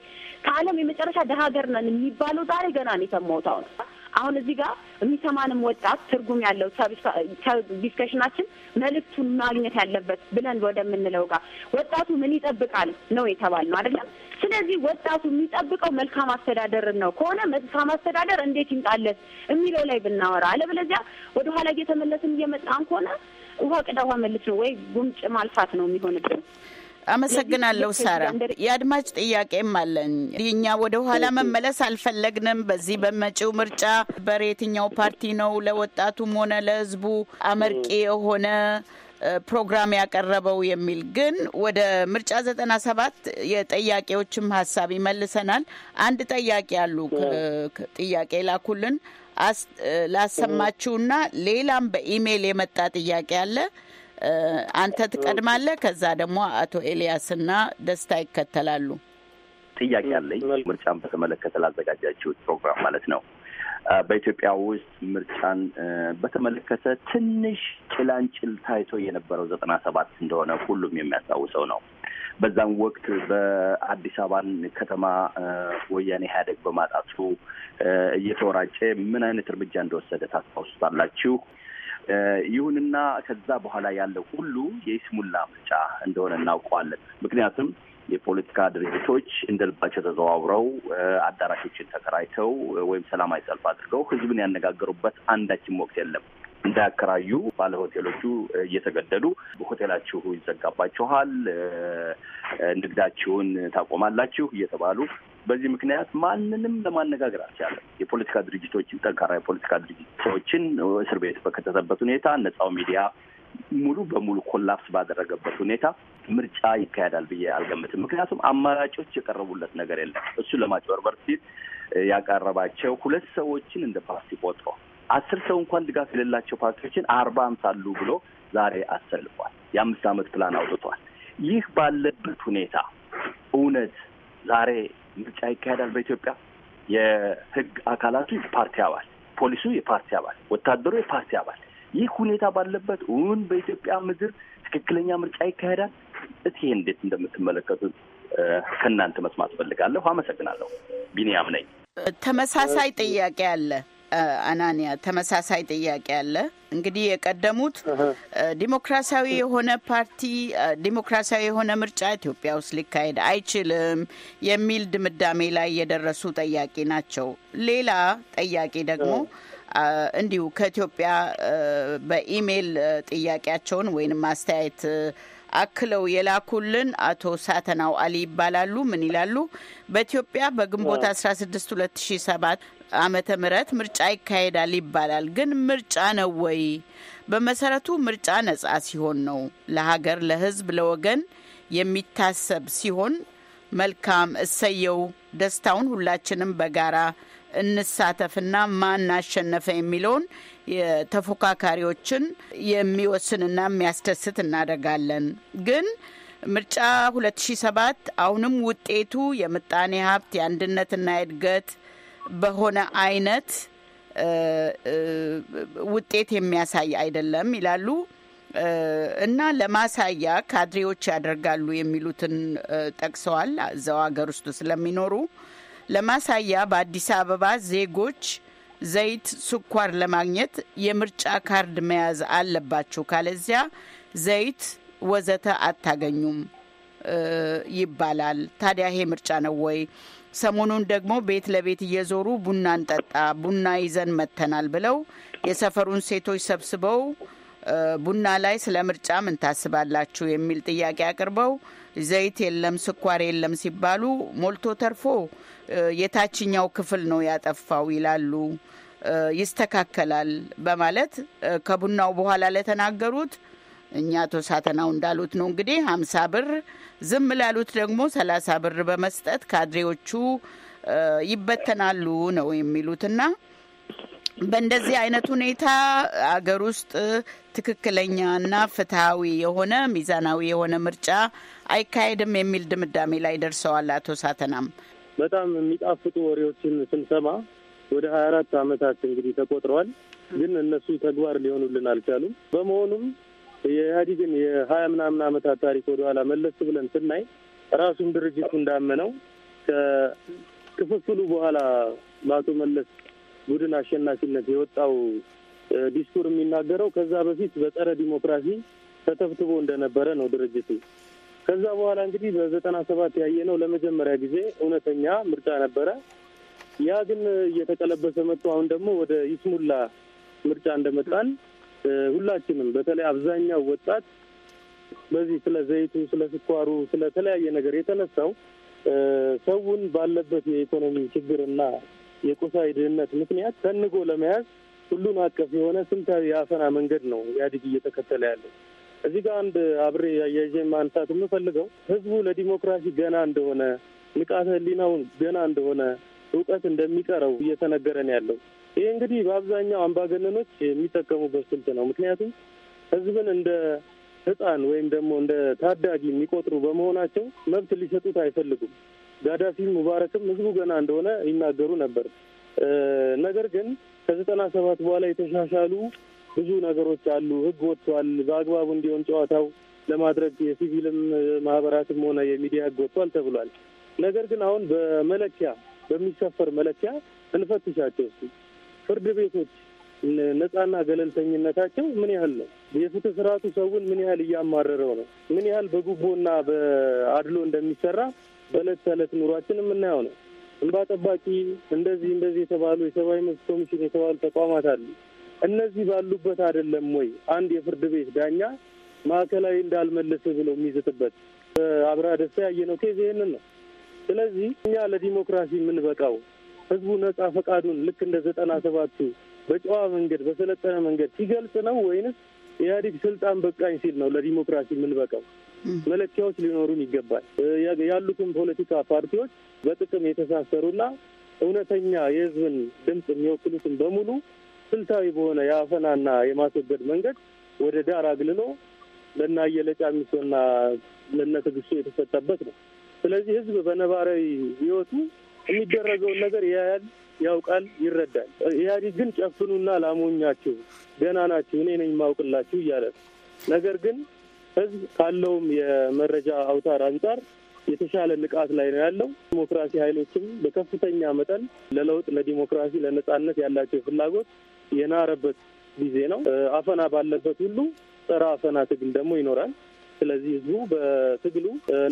ከዓለም የመጨረሻ ደሀ ሀገር ነን የሚባለው ዛሬ ገና ነው የሰማሁት አሁን አሁን እዚህ ጋር የሚሰማንም ወጣት ትርጉም ያለው ዲስከሽናችን መልእክቱን ማግኘት ያለበት ብለን ወደምንለው ጋር ወጣቱ ምን ይጠብቃል ነው የተባል ነው አይደለም። ስለዚህ ወጣቱ የሚጠብቀው መልካም አስተዳደርን ነው ከሆነ መልካም አስተዳደር እንዴት ይምጣለት የሚለው ላይ ብናወራ፣ አለበለዚያ ወደኋላ እየተመለስን እየመጣን ከሆነ ውሃ ቅዳ ውሃ መልስ ነው ወይ ጉምጭ ማልፋት ነው የሚሆንብን። አመሰግናለሁ ሳራ። የአድማጭ ጥያቄም አለን። እኛ ወደ ኋላ መመለስ አልፈለግንም። በዚህ በመጪው ምርጫ በየትኛው ፓርቲ ነው ለወጣቱም ሆነ ለሕዝቡ አመርቂ የሆነ ፕሮግራም ያቀረበው የሚል ግን ወደ ምርጫ ዘጠና ሰባት የጠያቄዎችም ሀሳብ ይመልሰናል። አንድ ጠያቄ አሉ ጥያቄ ላኩልን ላሰማችሁና ሌላም በኢሜይል የመጣ ጥያቄ አለ አንተ ትቀድማለህ፣ ከዛ ደግሞ አቶ ኤልያስና ደስታ ይከተላሉ። ጥያቄ አለኝ። ምርጫን በተመለከተ ላዘጋጃችሁት ፕሮግራም ማለት ነው። በኢትዮጵያ ውስጥ ምርጫን በተመለከተ ትንሽ ጭላንጭል ታይቶ የነበረው ዘጠና ሰባት እንደሆነ ሁሉም የሚያስታውሰው ነው። በዛም ወቅት በአዲስ አበባን ከተማ ወያኔ ኢህአዴግ በማጣቱ እየተወራጨ ምን አይነት እርምጃ እንደወሰደ ታስታውሱታላችሁ? ይሁንና ከዛ በኋላ ያለው ሁሉ የይስሙላ ምርጫ እንደሆነ እናውቀዋለን። ምክንያቱም የፖለቲካ ድርጅቶች እንደ ልባቸው ተዘዋውረው አዳራሾችን ተከራይተው ወይም ሰላማዊ ሰልፍ አድርገው ህዝብን ያነጋገሩበት አንዳችም ወቅት የለም። እንዳያከራዩ ባለ ሆቴሎቹ እየተገደዱ ሆቴላችሁ ይዘጋባችኋል፣ ንግዳችሁን ታቆማላችሁ እየተባሉ በዚህ ምክንያት ማንንም ለማነጋገር አልቻለም። የፖለቲካ ድርጅቶችን ጠንካራ የፖለቲካ ድርጅቶችን እስር ቤት በከተተበት ሁኔታ ነፃው ሚዲያ ሙሉ በሙሉ ኮላፕስ ባደረገበት ሁኔታ ምርጫ ይካሄዳል ብዬ አልገምትም። ምክንያቱም አማራጮች የቀረቡለት ነገር የለም። እሱ ለማጭበርበር ሲል ያቀረባቸው ሁለት ሰዎችን እንደ ፓርቲ ቆጥሮ አስር ሰው እንኳን ድጋፍ የሌላቸው ፓርቲዎችን አርባ አሉ ብሎ ዛሬ አሰልፏል። የአምስት ዓመት ፕላን አውጥቷል። ይህ ባለበት ሁኔታ እውነት ዛሬ ምርጫ ይካሄዳል በኢትዮጵያ። የህግ አካላቱ የፓርቲ አባል፣ ፖሊሱ የፓርቲ አባል፣ ወታደሩ የፓርቲ አባል። ይህ ሁኔታ ባለበት እውን በኢትዮጵያ ምድር ትክክለኛ ምርጫ ይካሄዳል? እስኪ እንዴት እንደምትመለከቱት ከእናንተ መስማት ፈልጋለሁ። አመሰግናለሁ። ቢኒያም ነኝ። ተመሳሳይ ጥያቄ አለ። አናንያ ተመሳሳይ ጥያቄ አለ። እንግዲህ የቀደሙት ዲሞክራሲያዊ የሆነ ፓርቲ ዲሞክራሲያዊ የሆነ ምርጫ ኢትዮጵያ ውስጥ ሊካሄድ አይችልም የሚል ድምዳሜ ላይ የደረሱ ጠያቂ ናቸው። ሌላ ጠያቂ ደግሞ እንዲሁ ከኢትዮጵያ በኢሜይል ጥያቄያቸውን ወይም አስተያየት አክለው የላኩልን አቶ ሳተናው አሊ ይባላሉ። ምን ይላሉ? በኢትዮጵያ በግንቦት 16 2007 ዓመተ ምህረት ምርጫ ይካሄዳል ይባላል። ግን ምርጫ ነው ወይ? በመሰረቱ ምርጫ ነጻ ሲሆን ነው ለሀገር፣ ለህዝብ ለወገን የሚታሰብ ሲሆን መልካም እሰየው፣ ደስታውን ሁላችንም በጋራ እንሳተፍና ማን አሸነፈ የሚለውን የተፎካካሪዎችን የሚወስንና የሚያስደስት እናደርጋለን ግን ምርጫ 2007 አሁንም ውጤቱ የምጣኔ ሀብት የአንድነትና የእድገት በሆነ አይነት ውጤት የሚያሳይ አይደለም ይላሉ እና ለማሳያ ካድሬዎች ያደርጋሉ የሚሉትን ጠቅሰዋል። እዛው ሀገር ውስጥ ስለሚኖሩ ለማሳያ በአዲስ አበባ ዜጎች ዘይት፣ ስኳር ለማግኘት የምርጫ ካርድ መያዝ አለባችሁ፣ ካለዚያ ዘይት ወዘተ አታገኙም ይባላል። ታዲያ ይሄ ምርጫ ነው ወይ? ሰሞኑን ደግሞ ቤት ለቤት እየዞሩ ቡና እንጠጣ፣ ቡና ይዘን መጥተናል ብለው የሰፈሩን ሴቶች ሰብስበው ቡና ላይ ስለ ምርጫ ምን ታስባላችሁ የሚል ጥያቄ አቅርበው ዘይት የለም ስኳር የለም ሲባሉ ሞልቶ ተርፎ የታችኛው ክፍል ነው ያጠፋው ይላሉ። ይስተካከላል በማለት ከቡናው በኋላ ለተናገሩት እኛ አቶ ሳተናው እንዳሉት ነው እንግዲህ ሀምሳ ብር ዝም ላሉት ደግሞ ሰላሳ ብር በመስጠት ካድሬዎቹ ይበተናሉ ነው የሚሉትና በእንደዚህ አይነት ሁኔታ አገር ውስጥ ትክክለኛና ፍትሐዊ የሆነ ሚዛናዊ የሆነ ምርጫ አይካሄድም የሚል ድምዳሜ ላይ ደርሰዋል አቶ ሳተናም። በጣም የሚጣፍጡ ወሬዎችን ስንሰማ ወደ ሀያ አራት አመታት እንግዲህ ተቆጥረዋል። ግን እነሱ ተግባር ሊሆኑልን አልቻሉም። በመሆኑም የኢህአዴግን የሀያ ምናምን አመታት ታሪክ ወደኋላ መለስ ብለን ስናይ ራሱም ድርጅቱ እንዳመነው ከክፍፍሉ በኋላ በአቶ መለስ ቡድን አሸናፊነት የወጣው ዲስኩር የሚናገረው ከዛ በፊት በጸረ ዲሞክራሲ ተተብትቦ እንደነበረ ነው ድርጅቱ ከዛ በኋላ እንግዲህ በዘጠና ሰባት ያየነው ለመጀመሪያ ጊዜ እውነተኛ ምርጫ ነበረ። ያ ግን እየተቀለበሰ መጥቶ አሁን ደግሞ ወደ ይስሙላ ምርጫ እንደመጣን ሁላችንም በተለይ አብዛኛው ወጣት በዚህ ስለ ዘይቱ፣ ስለ ስኳሩ፣ ስለተለያየ ነገር የተነሳው ሰውን ባለበት የኢኮኖሚ ችግርና የቁሳዊ ድህነት ምክንያት ተንጎ ለመያዝ ሁሉን አቀፍ የሆነ ስልታዊ የአፈና መንገድ ነው ኢህአዴግ እየተከተለ ያለው። እዚህ ጋር አንድ አብሬ አያይዤ ማንሳት የምፈልገው ህዝቡ ለዲሞክራሲ ገና እንደሆነ ንቃተ ህሊናውን ገና እንደሆነ እውቀት እንደሚቀረው እየተነገረን ያለው ይህ እንግዲህ በአብዛኛው አምባገነኖች የሚጠቀሙበት ስልት ነው። ምክንያቱም ህዝብን እንደ ህፃን ወይም ደግሞ እንደ ታዳጊ የሚቆጥሩ በመሆናቸው መብት ሊሰጡት አይፈልጉም። ጋዳፊ ሙባረክም ህዝቡ ገና እንደሆነ ይናገሩ ነበር። ነገር ግን ከዘጠና ሰባት በኋላ የተሻሻሉ ብዙ ነገሮች አሉ። ህግ ወጥቷል። በአግባቡ እንዲሆን ጨዋታው ለማድረግ የሲቪልም ማህበራትም ሆነ የሚዲያ ህግ ወጥቷል ተብሏል። ነገር ግን አሁን በመለኪያ በሚሰፈር መለኪያ እንፈትሻቸው እስኪ ፍርድ ቤቶች ነጻና ገለልተኝነታቸው ምን ያህል ነው? የፍትህ ስርዓቱ ሰውን ምን ያህል እያማረረው ነው? ምን ያህል በጉቦና በአድሎ እንደሚሰራ በእለት ተዕለት ኑሯችን የምናየው ነው። እንባ ጠባቂ እንደዚህ እንደዚህ የተባሉ የሰብአዊ መብት ኮሚሽን የተባሉ ተቋማት አሉ። እነዚህ ባሉበት አይደለም ወይ አንድ የፍርድ ቤት ዳኛ ማዕከላዊ እንዳልመለስ ብሎ የሚዝትበት? አብርሃ ደስታ ያየነው ኬዝ ይህንን ነው። ስለዚህ እኛ ለዲሞክራሲ የምንበቃው ህዝቡ ነጻ ፈቃዱን ልክ እንደ ዘጠና ሰባቱ በጨዋ መንገድ በሰለጠነ መንገድ ሲገልጽ ነው ወይንስ ኢህአዴግ ስልጣን በቃኝ ሲል ነው ለዲሞክራሲ የምንበቃው? መለኪያዎች ሊኖሩን ይገባል። ያሉትን ፖለቲካ ፓርቲዎች በጥቅም የተሳሰሩና እውነተኛ የህዝብን ድምፅ የሚወክሉትን በሙሉ ስልታዊ በሆነ የአፈናና የማስወገድ መንገድ ወደ ዳር አግልሎ ለእነ አየለ ጫሚሶና ለእነ የተሰጠበት ነው። ስለዚህ ህዝብ በነባራዊ ህይወቱ የሚደረገውን ነገር ያያል፣ ያውቃል፣ ይረዳል። ኢህአዴግ ግን ጨፍኑና ላሞኛችሁ፣ ገና ናችሁ፣ እኔ ነኝ ማውቅላችሁ እያለ ነው። ነገር ግን ህዝብ ካለውም የመረጃ አውታር አንጻር የተሻለ ንቃት ላይ ነው ያለው። ዲሞክራሲ ኃይሎችም በከፍተኛ መጠን ለለውጥ፣ ለዲሞክራሲ፣ ለነጻነት ያላቸው ፍላጎት የናረበት ጊዜ ነው። አፈና ባለበት ሁሉ ጸረ አፈና ትግል ደግሞ ይኖራል። ስለዚህ ህዝቡ በትግሉ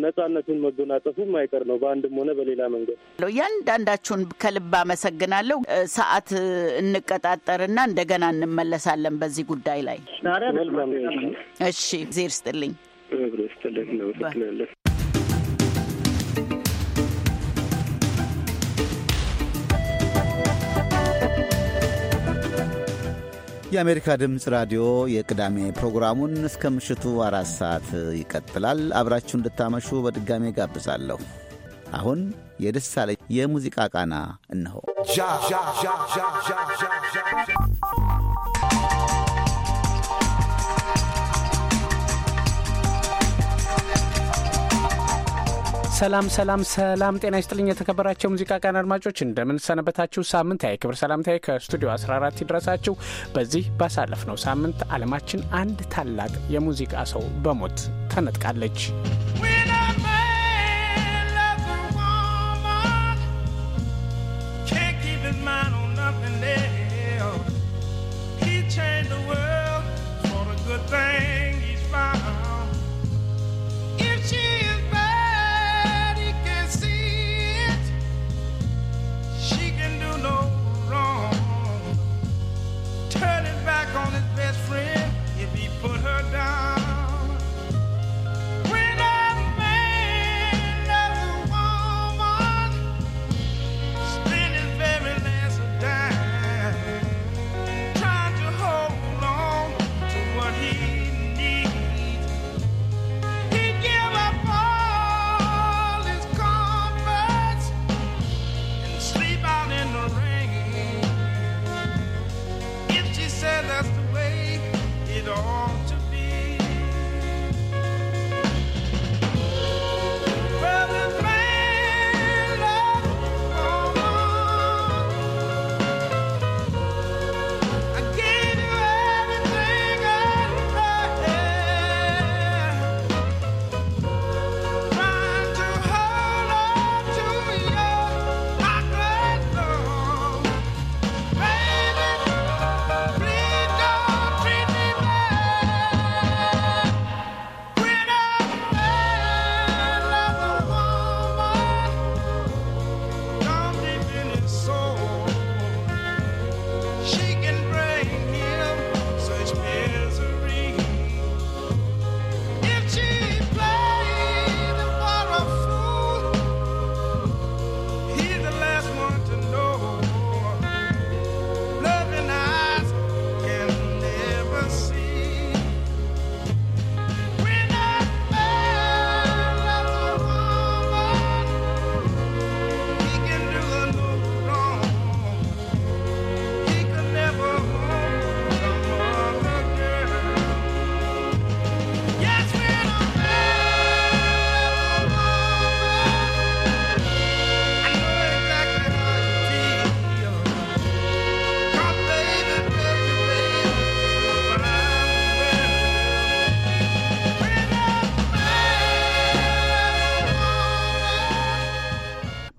ነጻነቱን መጎናጸፉ የማይቀር ነው፣ በአንድም ሆነ በሌላ መንገድ። እያንዳንዳችሁን ከልብ አመሰግናለሁ። ሰዓት እንቀጣጠርና እንደገና እንመለሳለን በዚህ ጉዳይ ላይ። እሺ፣ እግዜር ይስጥልኝ። የአሜሪካ ድምፅ ራዲዮ የቅዳሜ ፕሮግራሙን እስከ ምሽቱ አራት ሰዓት ይቀጥላል። አብራችሁ እንድታመሹ በድጋሜ ጋብዛለሁ። አሁን የደሳለኝ የሙዚቃ ቃና እነሆ። ሰላም ሰላም ሰላም፣ ጤና ይስጥልኝ የተከበራቸው ሙዚቃ ቀን አድማጮች እንደምን ሰነበታችሁ? ሳምንታዊ የክብር ሰላምታዬ ከስቱዲዮ 14 ይድረሳችሁ። በዚህ ነው ሳምንት ዓለማችን አንድ ታላቅ የሙዚቃ ሰው በሞት ተነጥቃለች።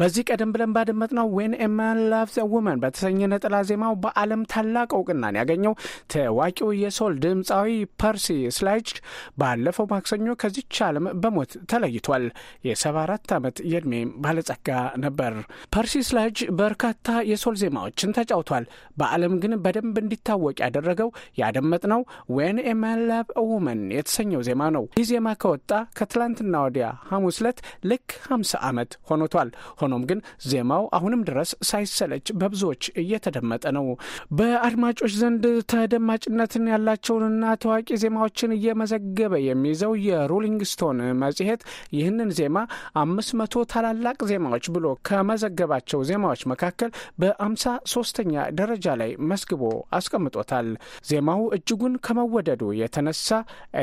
በዚህ ቀደም ብለን ባደመጥነው ዌን ኤማን ላቭስ ውመን በተሰኘ ነጠላ ዜማው በዓለም ታላቅ እውቅናን ያገኘው ታዋቂው የሶል ድምፃዊ ፐርሲ ስላጅ ባለፈው ማክሰኞ ከዚች ዓለም በሞት ተለይቷል። የ74 ዓመት የዕድሜ ባለጸጋ ነበር። ፐርሲ ስላጅ በርካታ የሶል ዜማዎችን ተጫውቷል። በዓለም ግን በደንብ እንዲታወቅ ያደረገው ያደመጥነው ዌን ኤማን ላቭ ውመን የተሰኘው ዜማ ነው። ይህ ዜማ ከወጣ ከትላንትና ወዲያ ሐሙስ ዕለት ልክ 50 ዓመት ሆኖቷል ሆኖ ሆኖም ግን ዜማው አሁንም ድረስ ሳይሰለች በብዙዎች እየተደመጠ ነው። በአድማጮች ዘንድ ተደማጭነትን ያላቸውንና ታዋቂ ዜማዎችን እየመዘገበ የሚይዘው የሮሊንግ ስቶን መጽሔት ይህንን ዜማ አምስት መቶ ታላላቅ ዜማዎች ብሎ ከመዘገባቸው ዜማዎች መካከል በአምሳ ሶስተኛ ደረጃ ላይ መስግቦ አስቀምጦታል። ዜማው እጅጉን ከመወደዱ የተነሳ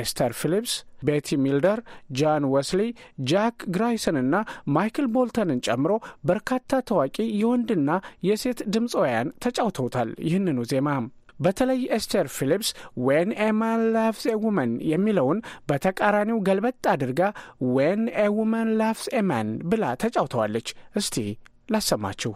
ኤስተር ፊሊፕስ ቤቲ ሚልደር፣ ጃን ወስሊ፣ ጃክ እና ማይክል ቦልተንን ጨምሮ በርካታ ታዋቂ የወንድና የሴት ድምፃውያን ተጫውተውታል ይህንኑ ዜማ። በተለይ ኤስቴር ፊሊፕስ ዌን ኤ ማን ላቭስ ኤ ውመን የሚለውን በተቃራኒው ገልበጥ አድርጋ ዌን ኤ ውመን ላቭስ ኤ ማን ብላ ተጫውተዋለች። እስቲ ላሰማችሁ።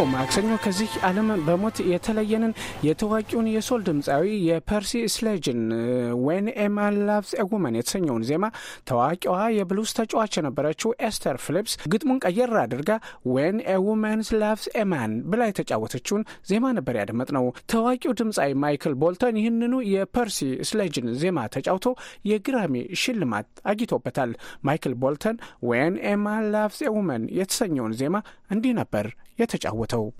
ባለፈው ማክሰኞ ከዚህ ዓለም በሞት የተለየንን የታዋቂውን የሶል ድምፃዊ የፐርሲ ስሌጅን ዌን ኤማን ላቭስ ኤጉመን የተሰኘውን ዜማ ታዋቂዋ የብሉስ ተጫዋች የነበረችው ኤስተር ፊሊፕስ ግጥሙን ቀየር አድርጋ ዌን ኤውመንስ ላቭስ ኤማን ብላ የተጫወተችውን ዜማ ነበር ያደመጥ ነው። ታዋቂው ድምፃዊ ማይክል ቦልተን ይህንኑ የፐርሲ ስሌጅን ዜማ ተጫውቶ የግራሚ ሽልማት አግኝቶበታል። ማይክል ቦልተን ዌን ኤማን ላቭስ ኤውመን የተሰኘውን ዜማ እንዲህ ነበር የተጫወተ all.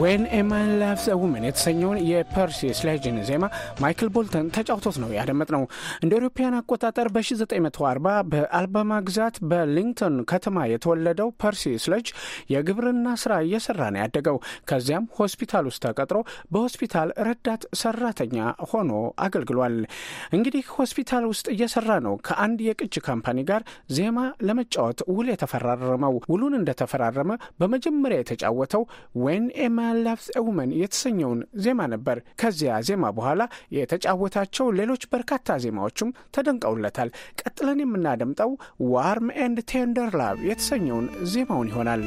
ዌን ኤማን ላቭስ ውመን የተሰኘውን የፐርሲ ሌጅን ዜማ ማይክል ቦልተን ተጫውቶት ነው ያደመጥ ነው። እንደ አውሮፓውያን አቆጣጠር በ1940 በአልባማ ግዛት በሊንግተን ከተማ የተወለደው ፐርሲ ሌጅ የግብርና ስራ እየሰራ ነው ያደገው። ከዚያም ሆስፒታል ውስጥ ተቀጥሮ በሆስፒታል ረዳት ሰራተኛ ሆኖ አገልግሏል። እንግዲህ ሆስፒታል ውስጥ እየሰራ ነው ከአንድ የቅጅ ካምፓኒ ጋር ዜማ ለመጫወት ውል የተፈራረመው። ውሉን እንደተፈራረመ በመጀመሪያ የተጫወተው ዌን ማን ላቭስ ውመን የተሰኘውን ዜማ ነበር። ከዚያ ዜማ በኋላ የተጫወታቸው ሌሎች በርካታ ዜማዎችም ተደንቀውለታል። ቀጥለን የምናደምጠው ዋርም ኤንድ ቴንደር ላቭ የተሰኘውን ዜማውን ይሆናል።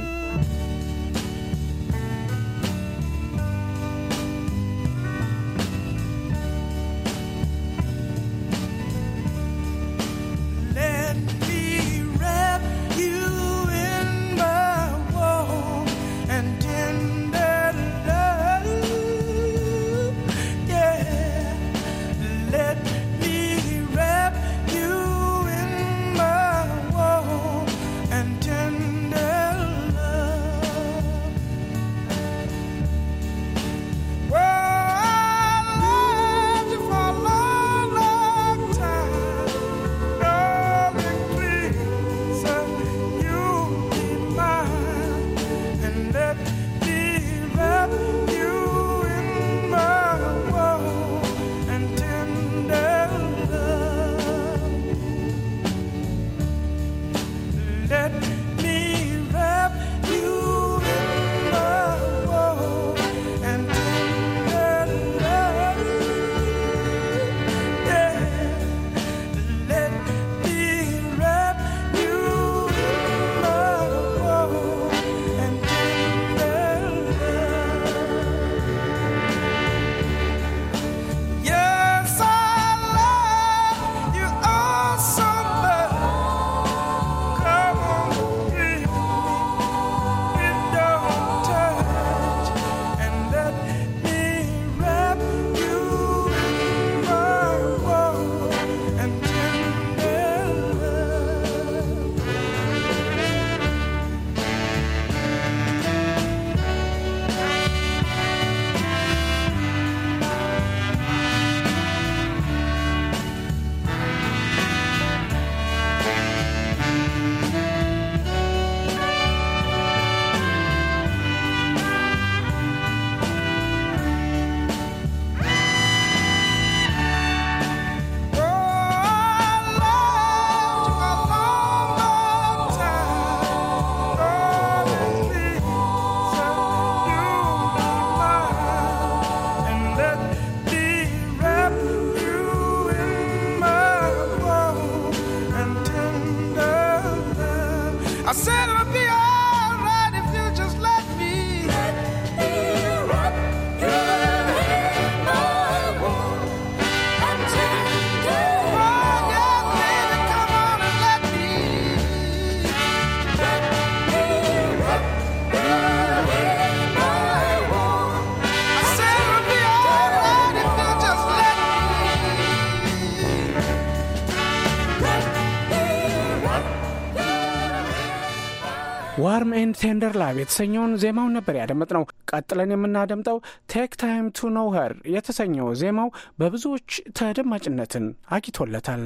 ኤንድ ቴንደር ላቭ የተሰኘውን ዜማውን ነበር ያደመጥነው። ቀጥለን የምናደምጠው ቴክ ታይም ቱ ኖው ኸር የተሰኘው ዜማው በብዙዎች ተደማጭነትን አግኝቶለታል።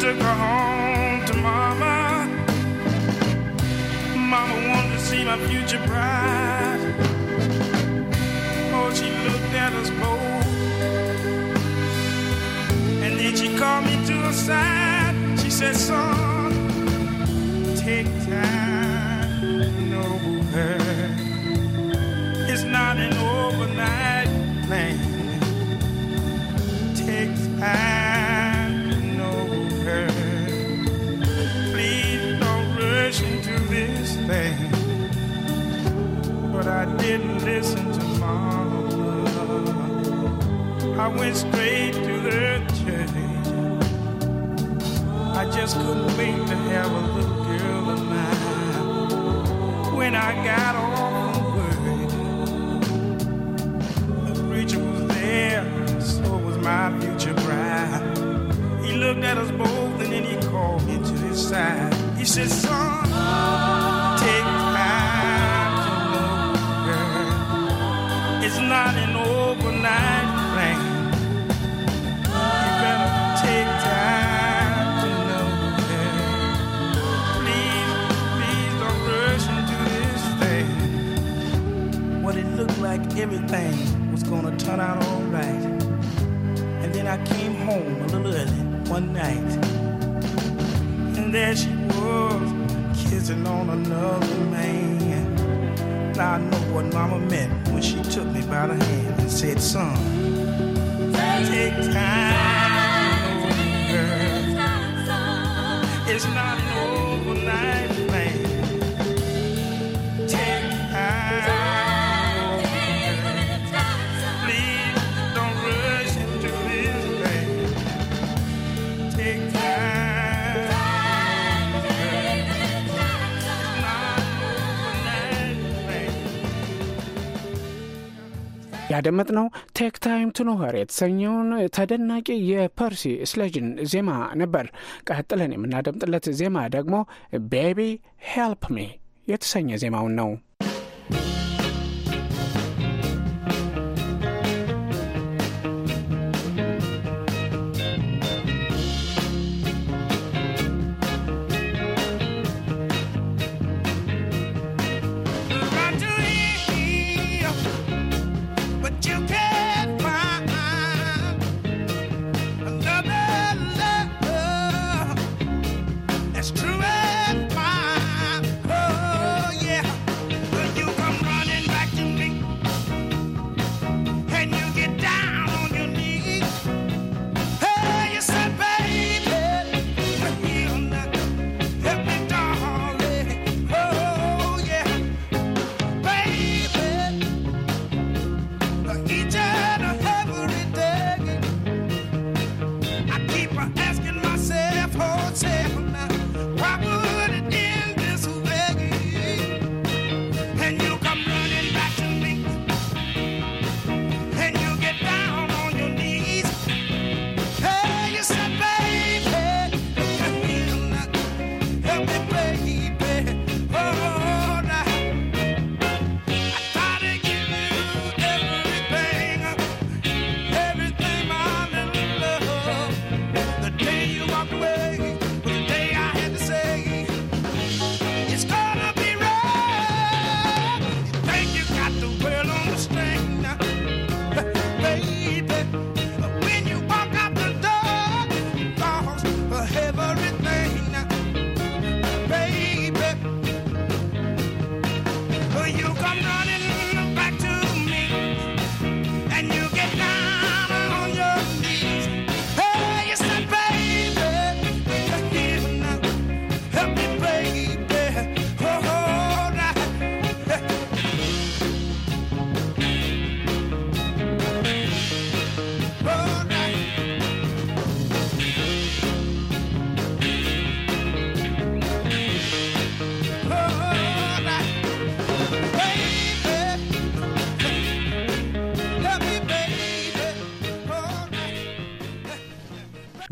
took her home to mama. Mama wanted to see my future bride. Oh, she looked at us both. And then she called me to her side. She said, son, take time, know It's not an overnight plan. Take time. but I didn't listen to mama. I went straight to the church. I just couldn't wait to have a little girl of mine. When I got on word, the preacher was there, so was my future bride. He looked at us both and then he called me to his side. He said, son. like everything was gonna turn out alright. And then I came home a little early one night. And there she was, kissing on another man. Now I know what mama meant when she took me by the hand and said, son, take time, girl. It's not ያደመጥነው ቴክ ታይም ቱ ኖኸር የተሰኘውን ተደናቂ የፐርሲ ስለጅን ዜማ ነበር። ቀጥለን የምናደምጥለት ዜማ ደግሞ ቤቢ ሄልፕ ሚ የተሰኘ ዜማውን ነው።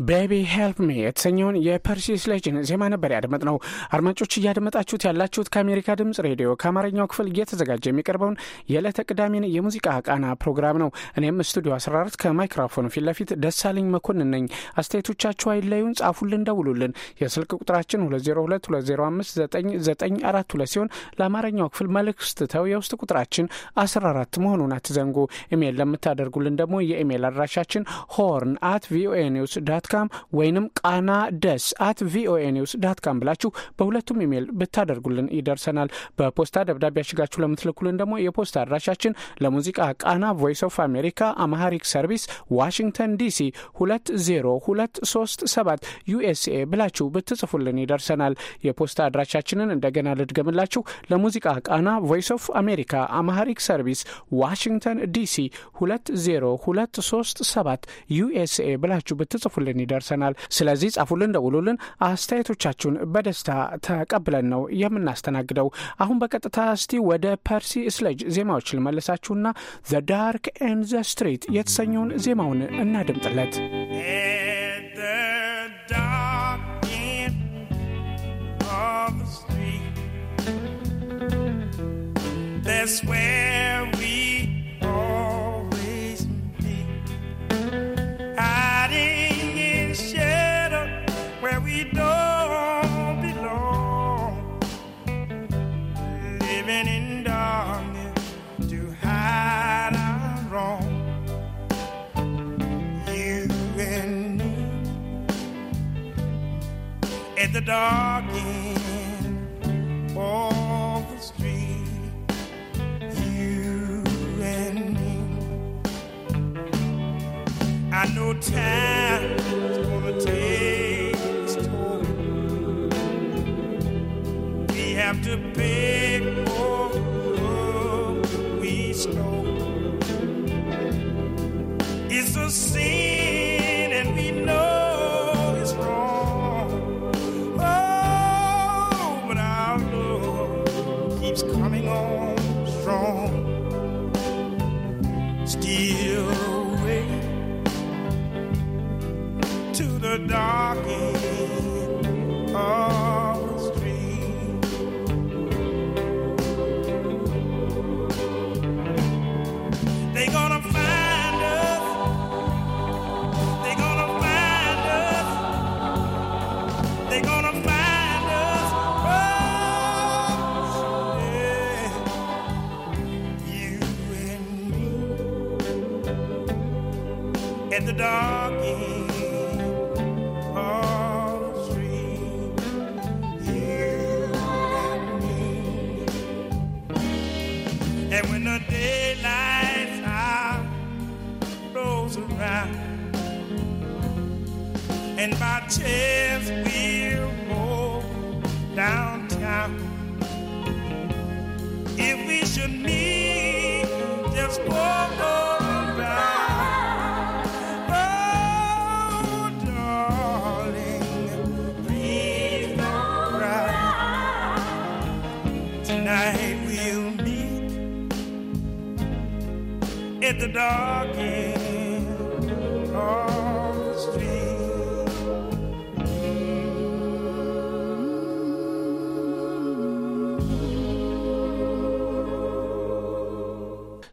ቤቢ ሄልፕ ሚ የተሰኘውን የፐርሲስ ሌጅን ዜማ ነበር ነው። አድማጮች እያደመጣችሁት ያላችሁት ከአሜሪካ ድምጽ ሬዲዮ ከአማርኛው ክፍል እየተዘጋጀ የሚቀርበውን የዕለተ ቅዳሜን የሙዚቃ ቃና ፕሮግራም ነው። እኔም ስቱዲዮ 14 ከማይክሮፎን ፊት ለፊት ደሳለኝ መኮንን ነኝ። አስተያየቶቻችሁ አይለዩን፣ ጻፉልን፣ ደውሉልን። የስልክ ቁጥራችን 2022059942 ሲሆን ለአማርኛው ክፍል መልእክት ተው የውስጥ ቁጥራችን 14 መሆኑን አትዘንጉ። ኢሜይል ለምታደርጉልን ደግሞ የኢሜይል አድራሻችን ሆርን አት ቪኦኤ ኒውስ ዳት ካም ቴሌግራም ወይንም ቃና ደስ አት ቪኦኤ ኒውስ ዳት ካም ብላችሁ በሁለቱም ኢሜይል ብታደርጉልን ይደርሰናል። በፖስታ ደብዳቤ ያሽጋችሁ ለምትልኩልን ደግሞ የፖስታ አድራሻችን ለሙዚቃ ቃና ቮይስ ኦፍ አሜሪካ አማሃሪክ ሰርቪስ ዋሽንግተን ዲሲ ሰባት ዩኤስኤ ብላችሁ ብትጽፉልን ይደርሰናል። የፖስታ አድራሻችንን እንደገና ልድገምላችሁ። ለሙዚቃ ቃና ቮይስ ኦፍ አሜሪካ አማሃሪክ ሰርቪስ ዋሽንግተን ዲሲ ሰባት ዩኤስኤ ብላችሁ ብትጽፉልን ይደርሰናል። ስለዚህ ጻፉልን፣ ደውሉልን። አስተያየቶቻችሁን በደስታ ተቀብለን ነው የምናስተናግደው። አሁን በቀጥታ እስቲ ወደ ፐርሲ ስለጅ ዜማዎች ልመልሳችሁና ዘ ዳርክ ኤን ዘ ስትሪት የተሰኘውን ዜማውን እናድምጥለት። This at the dark end of the street, you and me. I know time's gonna take its toll. We have to pay.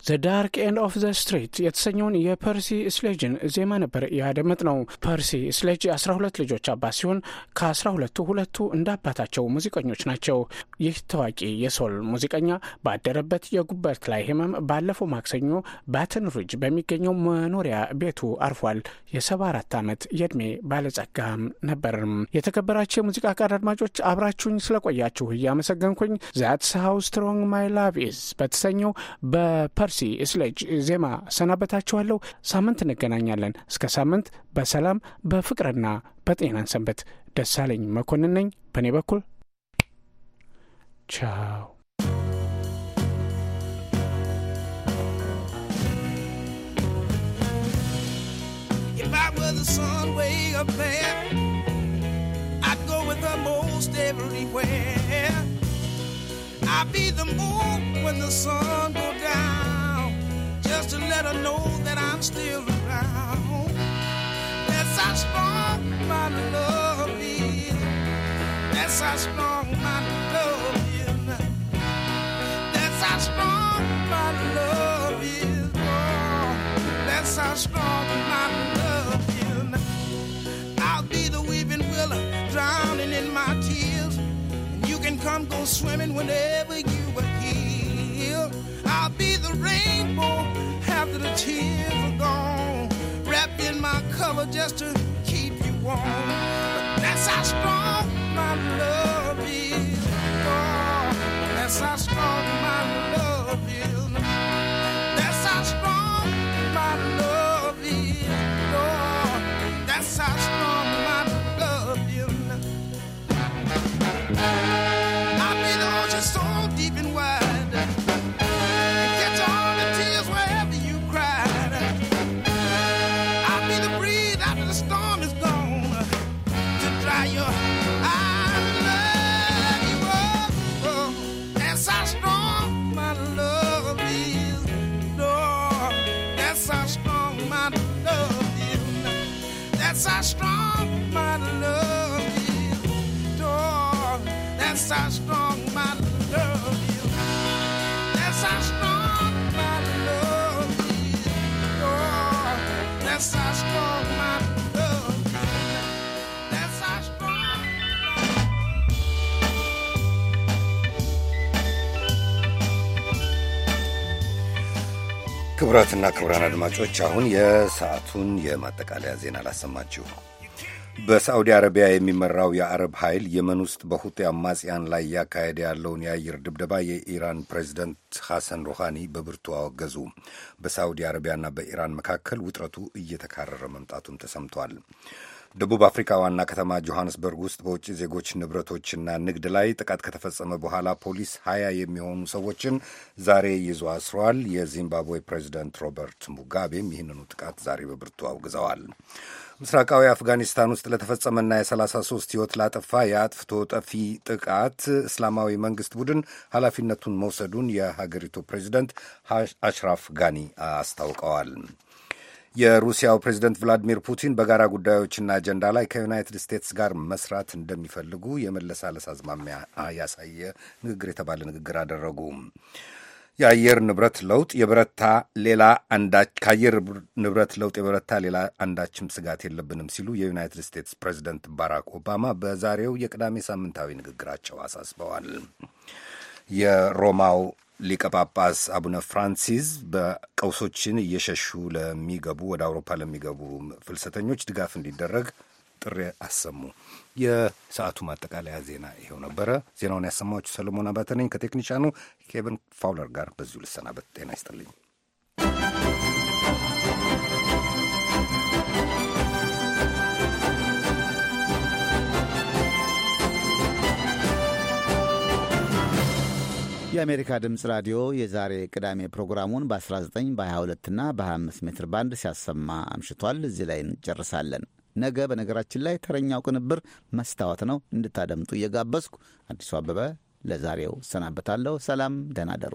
ዘ ዳርክ ኤንድ ኦፍ ዘ ስትሪት የተሰኘውን የፐርሲ ስሌጅን ዜማ ነበር ያደመጥ ነው። ፐርሲ ስሌጅ የ ሁለት ልጆች አባት ሲሆን ከ ሁለቱ ሁለቱ እንደ አባታቸው ሙዚቀኞች ናቸው። ይህ ታዋቂ የሶል ሙዚቀኛ ባደረበት የጉበት ላይ ህመም ባለፈው ማክሰኞ ባትን ሩጅ በሚገኘው መኖሪያ ቤቱ አርፏል የሰባ አራት ዓመት የእድሜ ባለጸጋም ነበር። የተከበራቸው የሙዚቃ ቃድ አድማጮች አብራችሁኝ ስለቆያችሁ እያመሰገንኩኝ ዛትስ ሃው ስትሮንግ ማይ ላቭ ኢዝ በተሰኘው በፐር ሲ እስለጅ ዜማ ሰናበታችኋለሁ። ሳምንት እንገናኛለን። እስከ ሳምንት በሰላም በፍቅርና በጤናን ሰንበት። ደሳለኝ መኮንን ነኝ። በእኔ በኩል ቻው። everywhere. I'd be the moon when the sun goes down. just to let her know that I'm still around. That's how strong my love is. That's how strong my love is. That's how strong my love is. Oh, that's how strong my love is. I'll be the weeping willow, drowning in my tears. And you can come go swimming whenever you are here. I'll be the rainbow after the tears are gone. Wrapped in my cover just to keep you warm. But that's how strong my love is. Oh, that's how strong my love is. ክቡራትና ክቡራን አድማጮች አሁን የሰዓቱን የማጠቃለያ ዜና አላሰማችሁ። በሳዑዲ አረቢያ የሚመራው የአረብ ኃይል የመን ውስጥ በሁቴ አማጽያን ላይ እያካሄደ ያለውን የአየር ድብደባ የኢራን ፕሬዚደንት ሐሰን ሩሃኒ በብርቱ አወገዙ። በሳዑዲ አረቢያና በኢራን መካከል ውጥረቱ እየተካረረ መምጣቱም ተሰምቷል። ደቡብ አፍሪካ ዋና ከተማ ጆሐንስበርግ ውስጥ በውጭ ዜጎች ንብረቶችና ንግድ ላይ ጥቃት ከተፈጸመ በኋላ ፖሊስ ሀያ የሚሆኑ ሰዎችን ዛሬ ይዞ አስሯል። የዚምባብዌ ፕሬዚደንት ሮበርት ሙጋቤም ይህንኑ ጥቃት ዛሬ በብርቱ አውግዘዋል። ምስራቃዊ አፍጋኒስታን ውስጥ ለተፈጸመና የ33 ሕይወት ላጠፋ የአጥፍቶ ጠፊ ጥቃት እስላማዊ መንግስት ቡድን ኃላፊነቱን መውሰዱን የሀገሪቱ ፕሬዚደንት አሽራፍ ጋኒ አስታውቀዋል። የሩሲያው ፕሬዚደንት ቭላዲሚር ፑቲን በጋራ ጉዳዮችና አጀንዳ ላይ ከዩናይትድ ስቴትስ ጋር መስራት እንደሚፈልጉ የመለሳለስ አዝማሚያ ያሳየ ንግግር የተባለ ንግግር አደረጉ። የአየር ንብረት ለውጥ የበረታ ሌላ አንዳች ከአየር ንብረት ለውጥ የበረታ ሌላ አንዳችም ስጋት የለብንም ሲሉ የዩናይትድ ስቴትስ ፕሬዚደንት ባራክ ኦባማ በዛሬው የቅዳሜ ሳምንታዊ ንግግራቸው አሳስበዋል። የሮማው ሊቀ ጳጳስ አቡነ ፍራንሲስ በቀውሶችን እየሸሹ ለሚገቡ ወደ አውሮፓ ለሚገቡ ፍልሰተኞች ድጋፍ እንዲደረግ ጥሪ አሰሙ። የሰዓቱ ማጠቃለያ ዜና ይኸው ነበረ። ዜናውን ያሰማችሁ ሰለሞን አባተ ነኝ። ከቴክኒሻኑ ኬቨን ፋውለር ጋር በዚሁ ልሰናበት። ጤና ይስጥልኝ። የአሜሪካ ድምፅ ራዲዮ የዛሬ ቅዳሜ ፕሮግራሙን በ19 በ22 እና በ25 ሜትር ባንድ ሲያሰማ አምሽቷል። እዚህ ላይ እንጨርሳለን። ነገ በነገራችን ላይ ተረኛው ቅንብር መስታወት ነው። እንድታደምጡ እየጋበዝኩ አዲሱ አበበ ለዛሬው እሰናበታለሁ። ሰላም፣ ደህና ደሩ።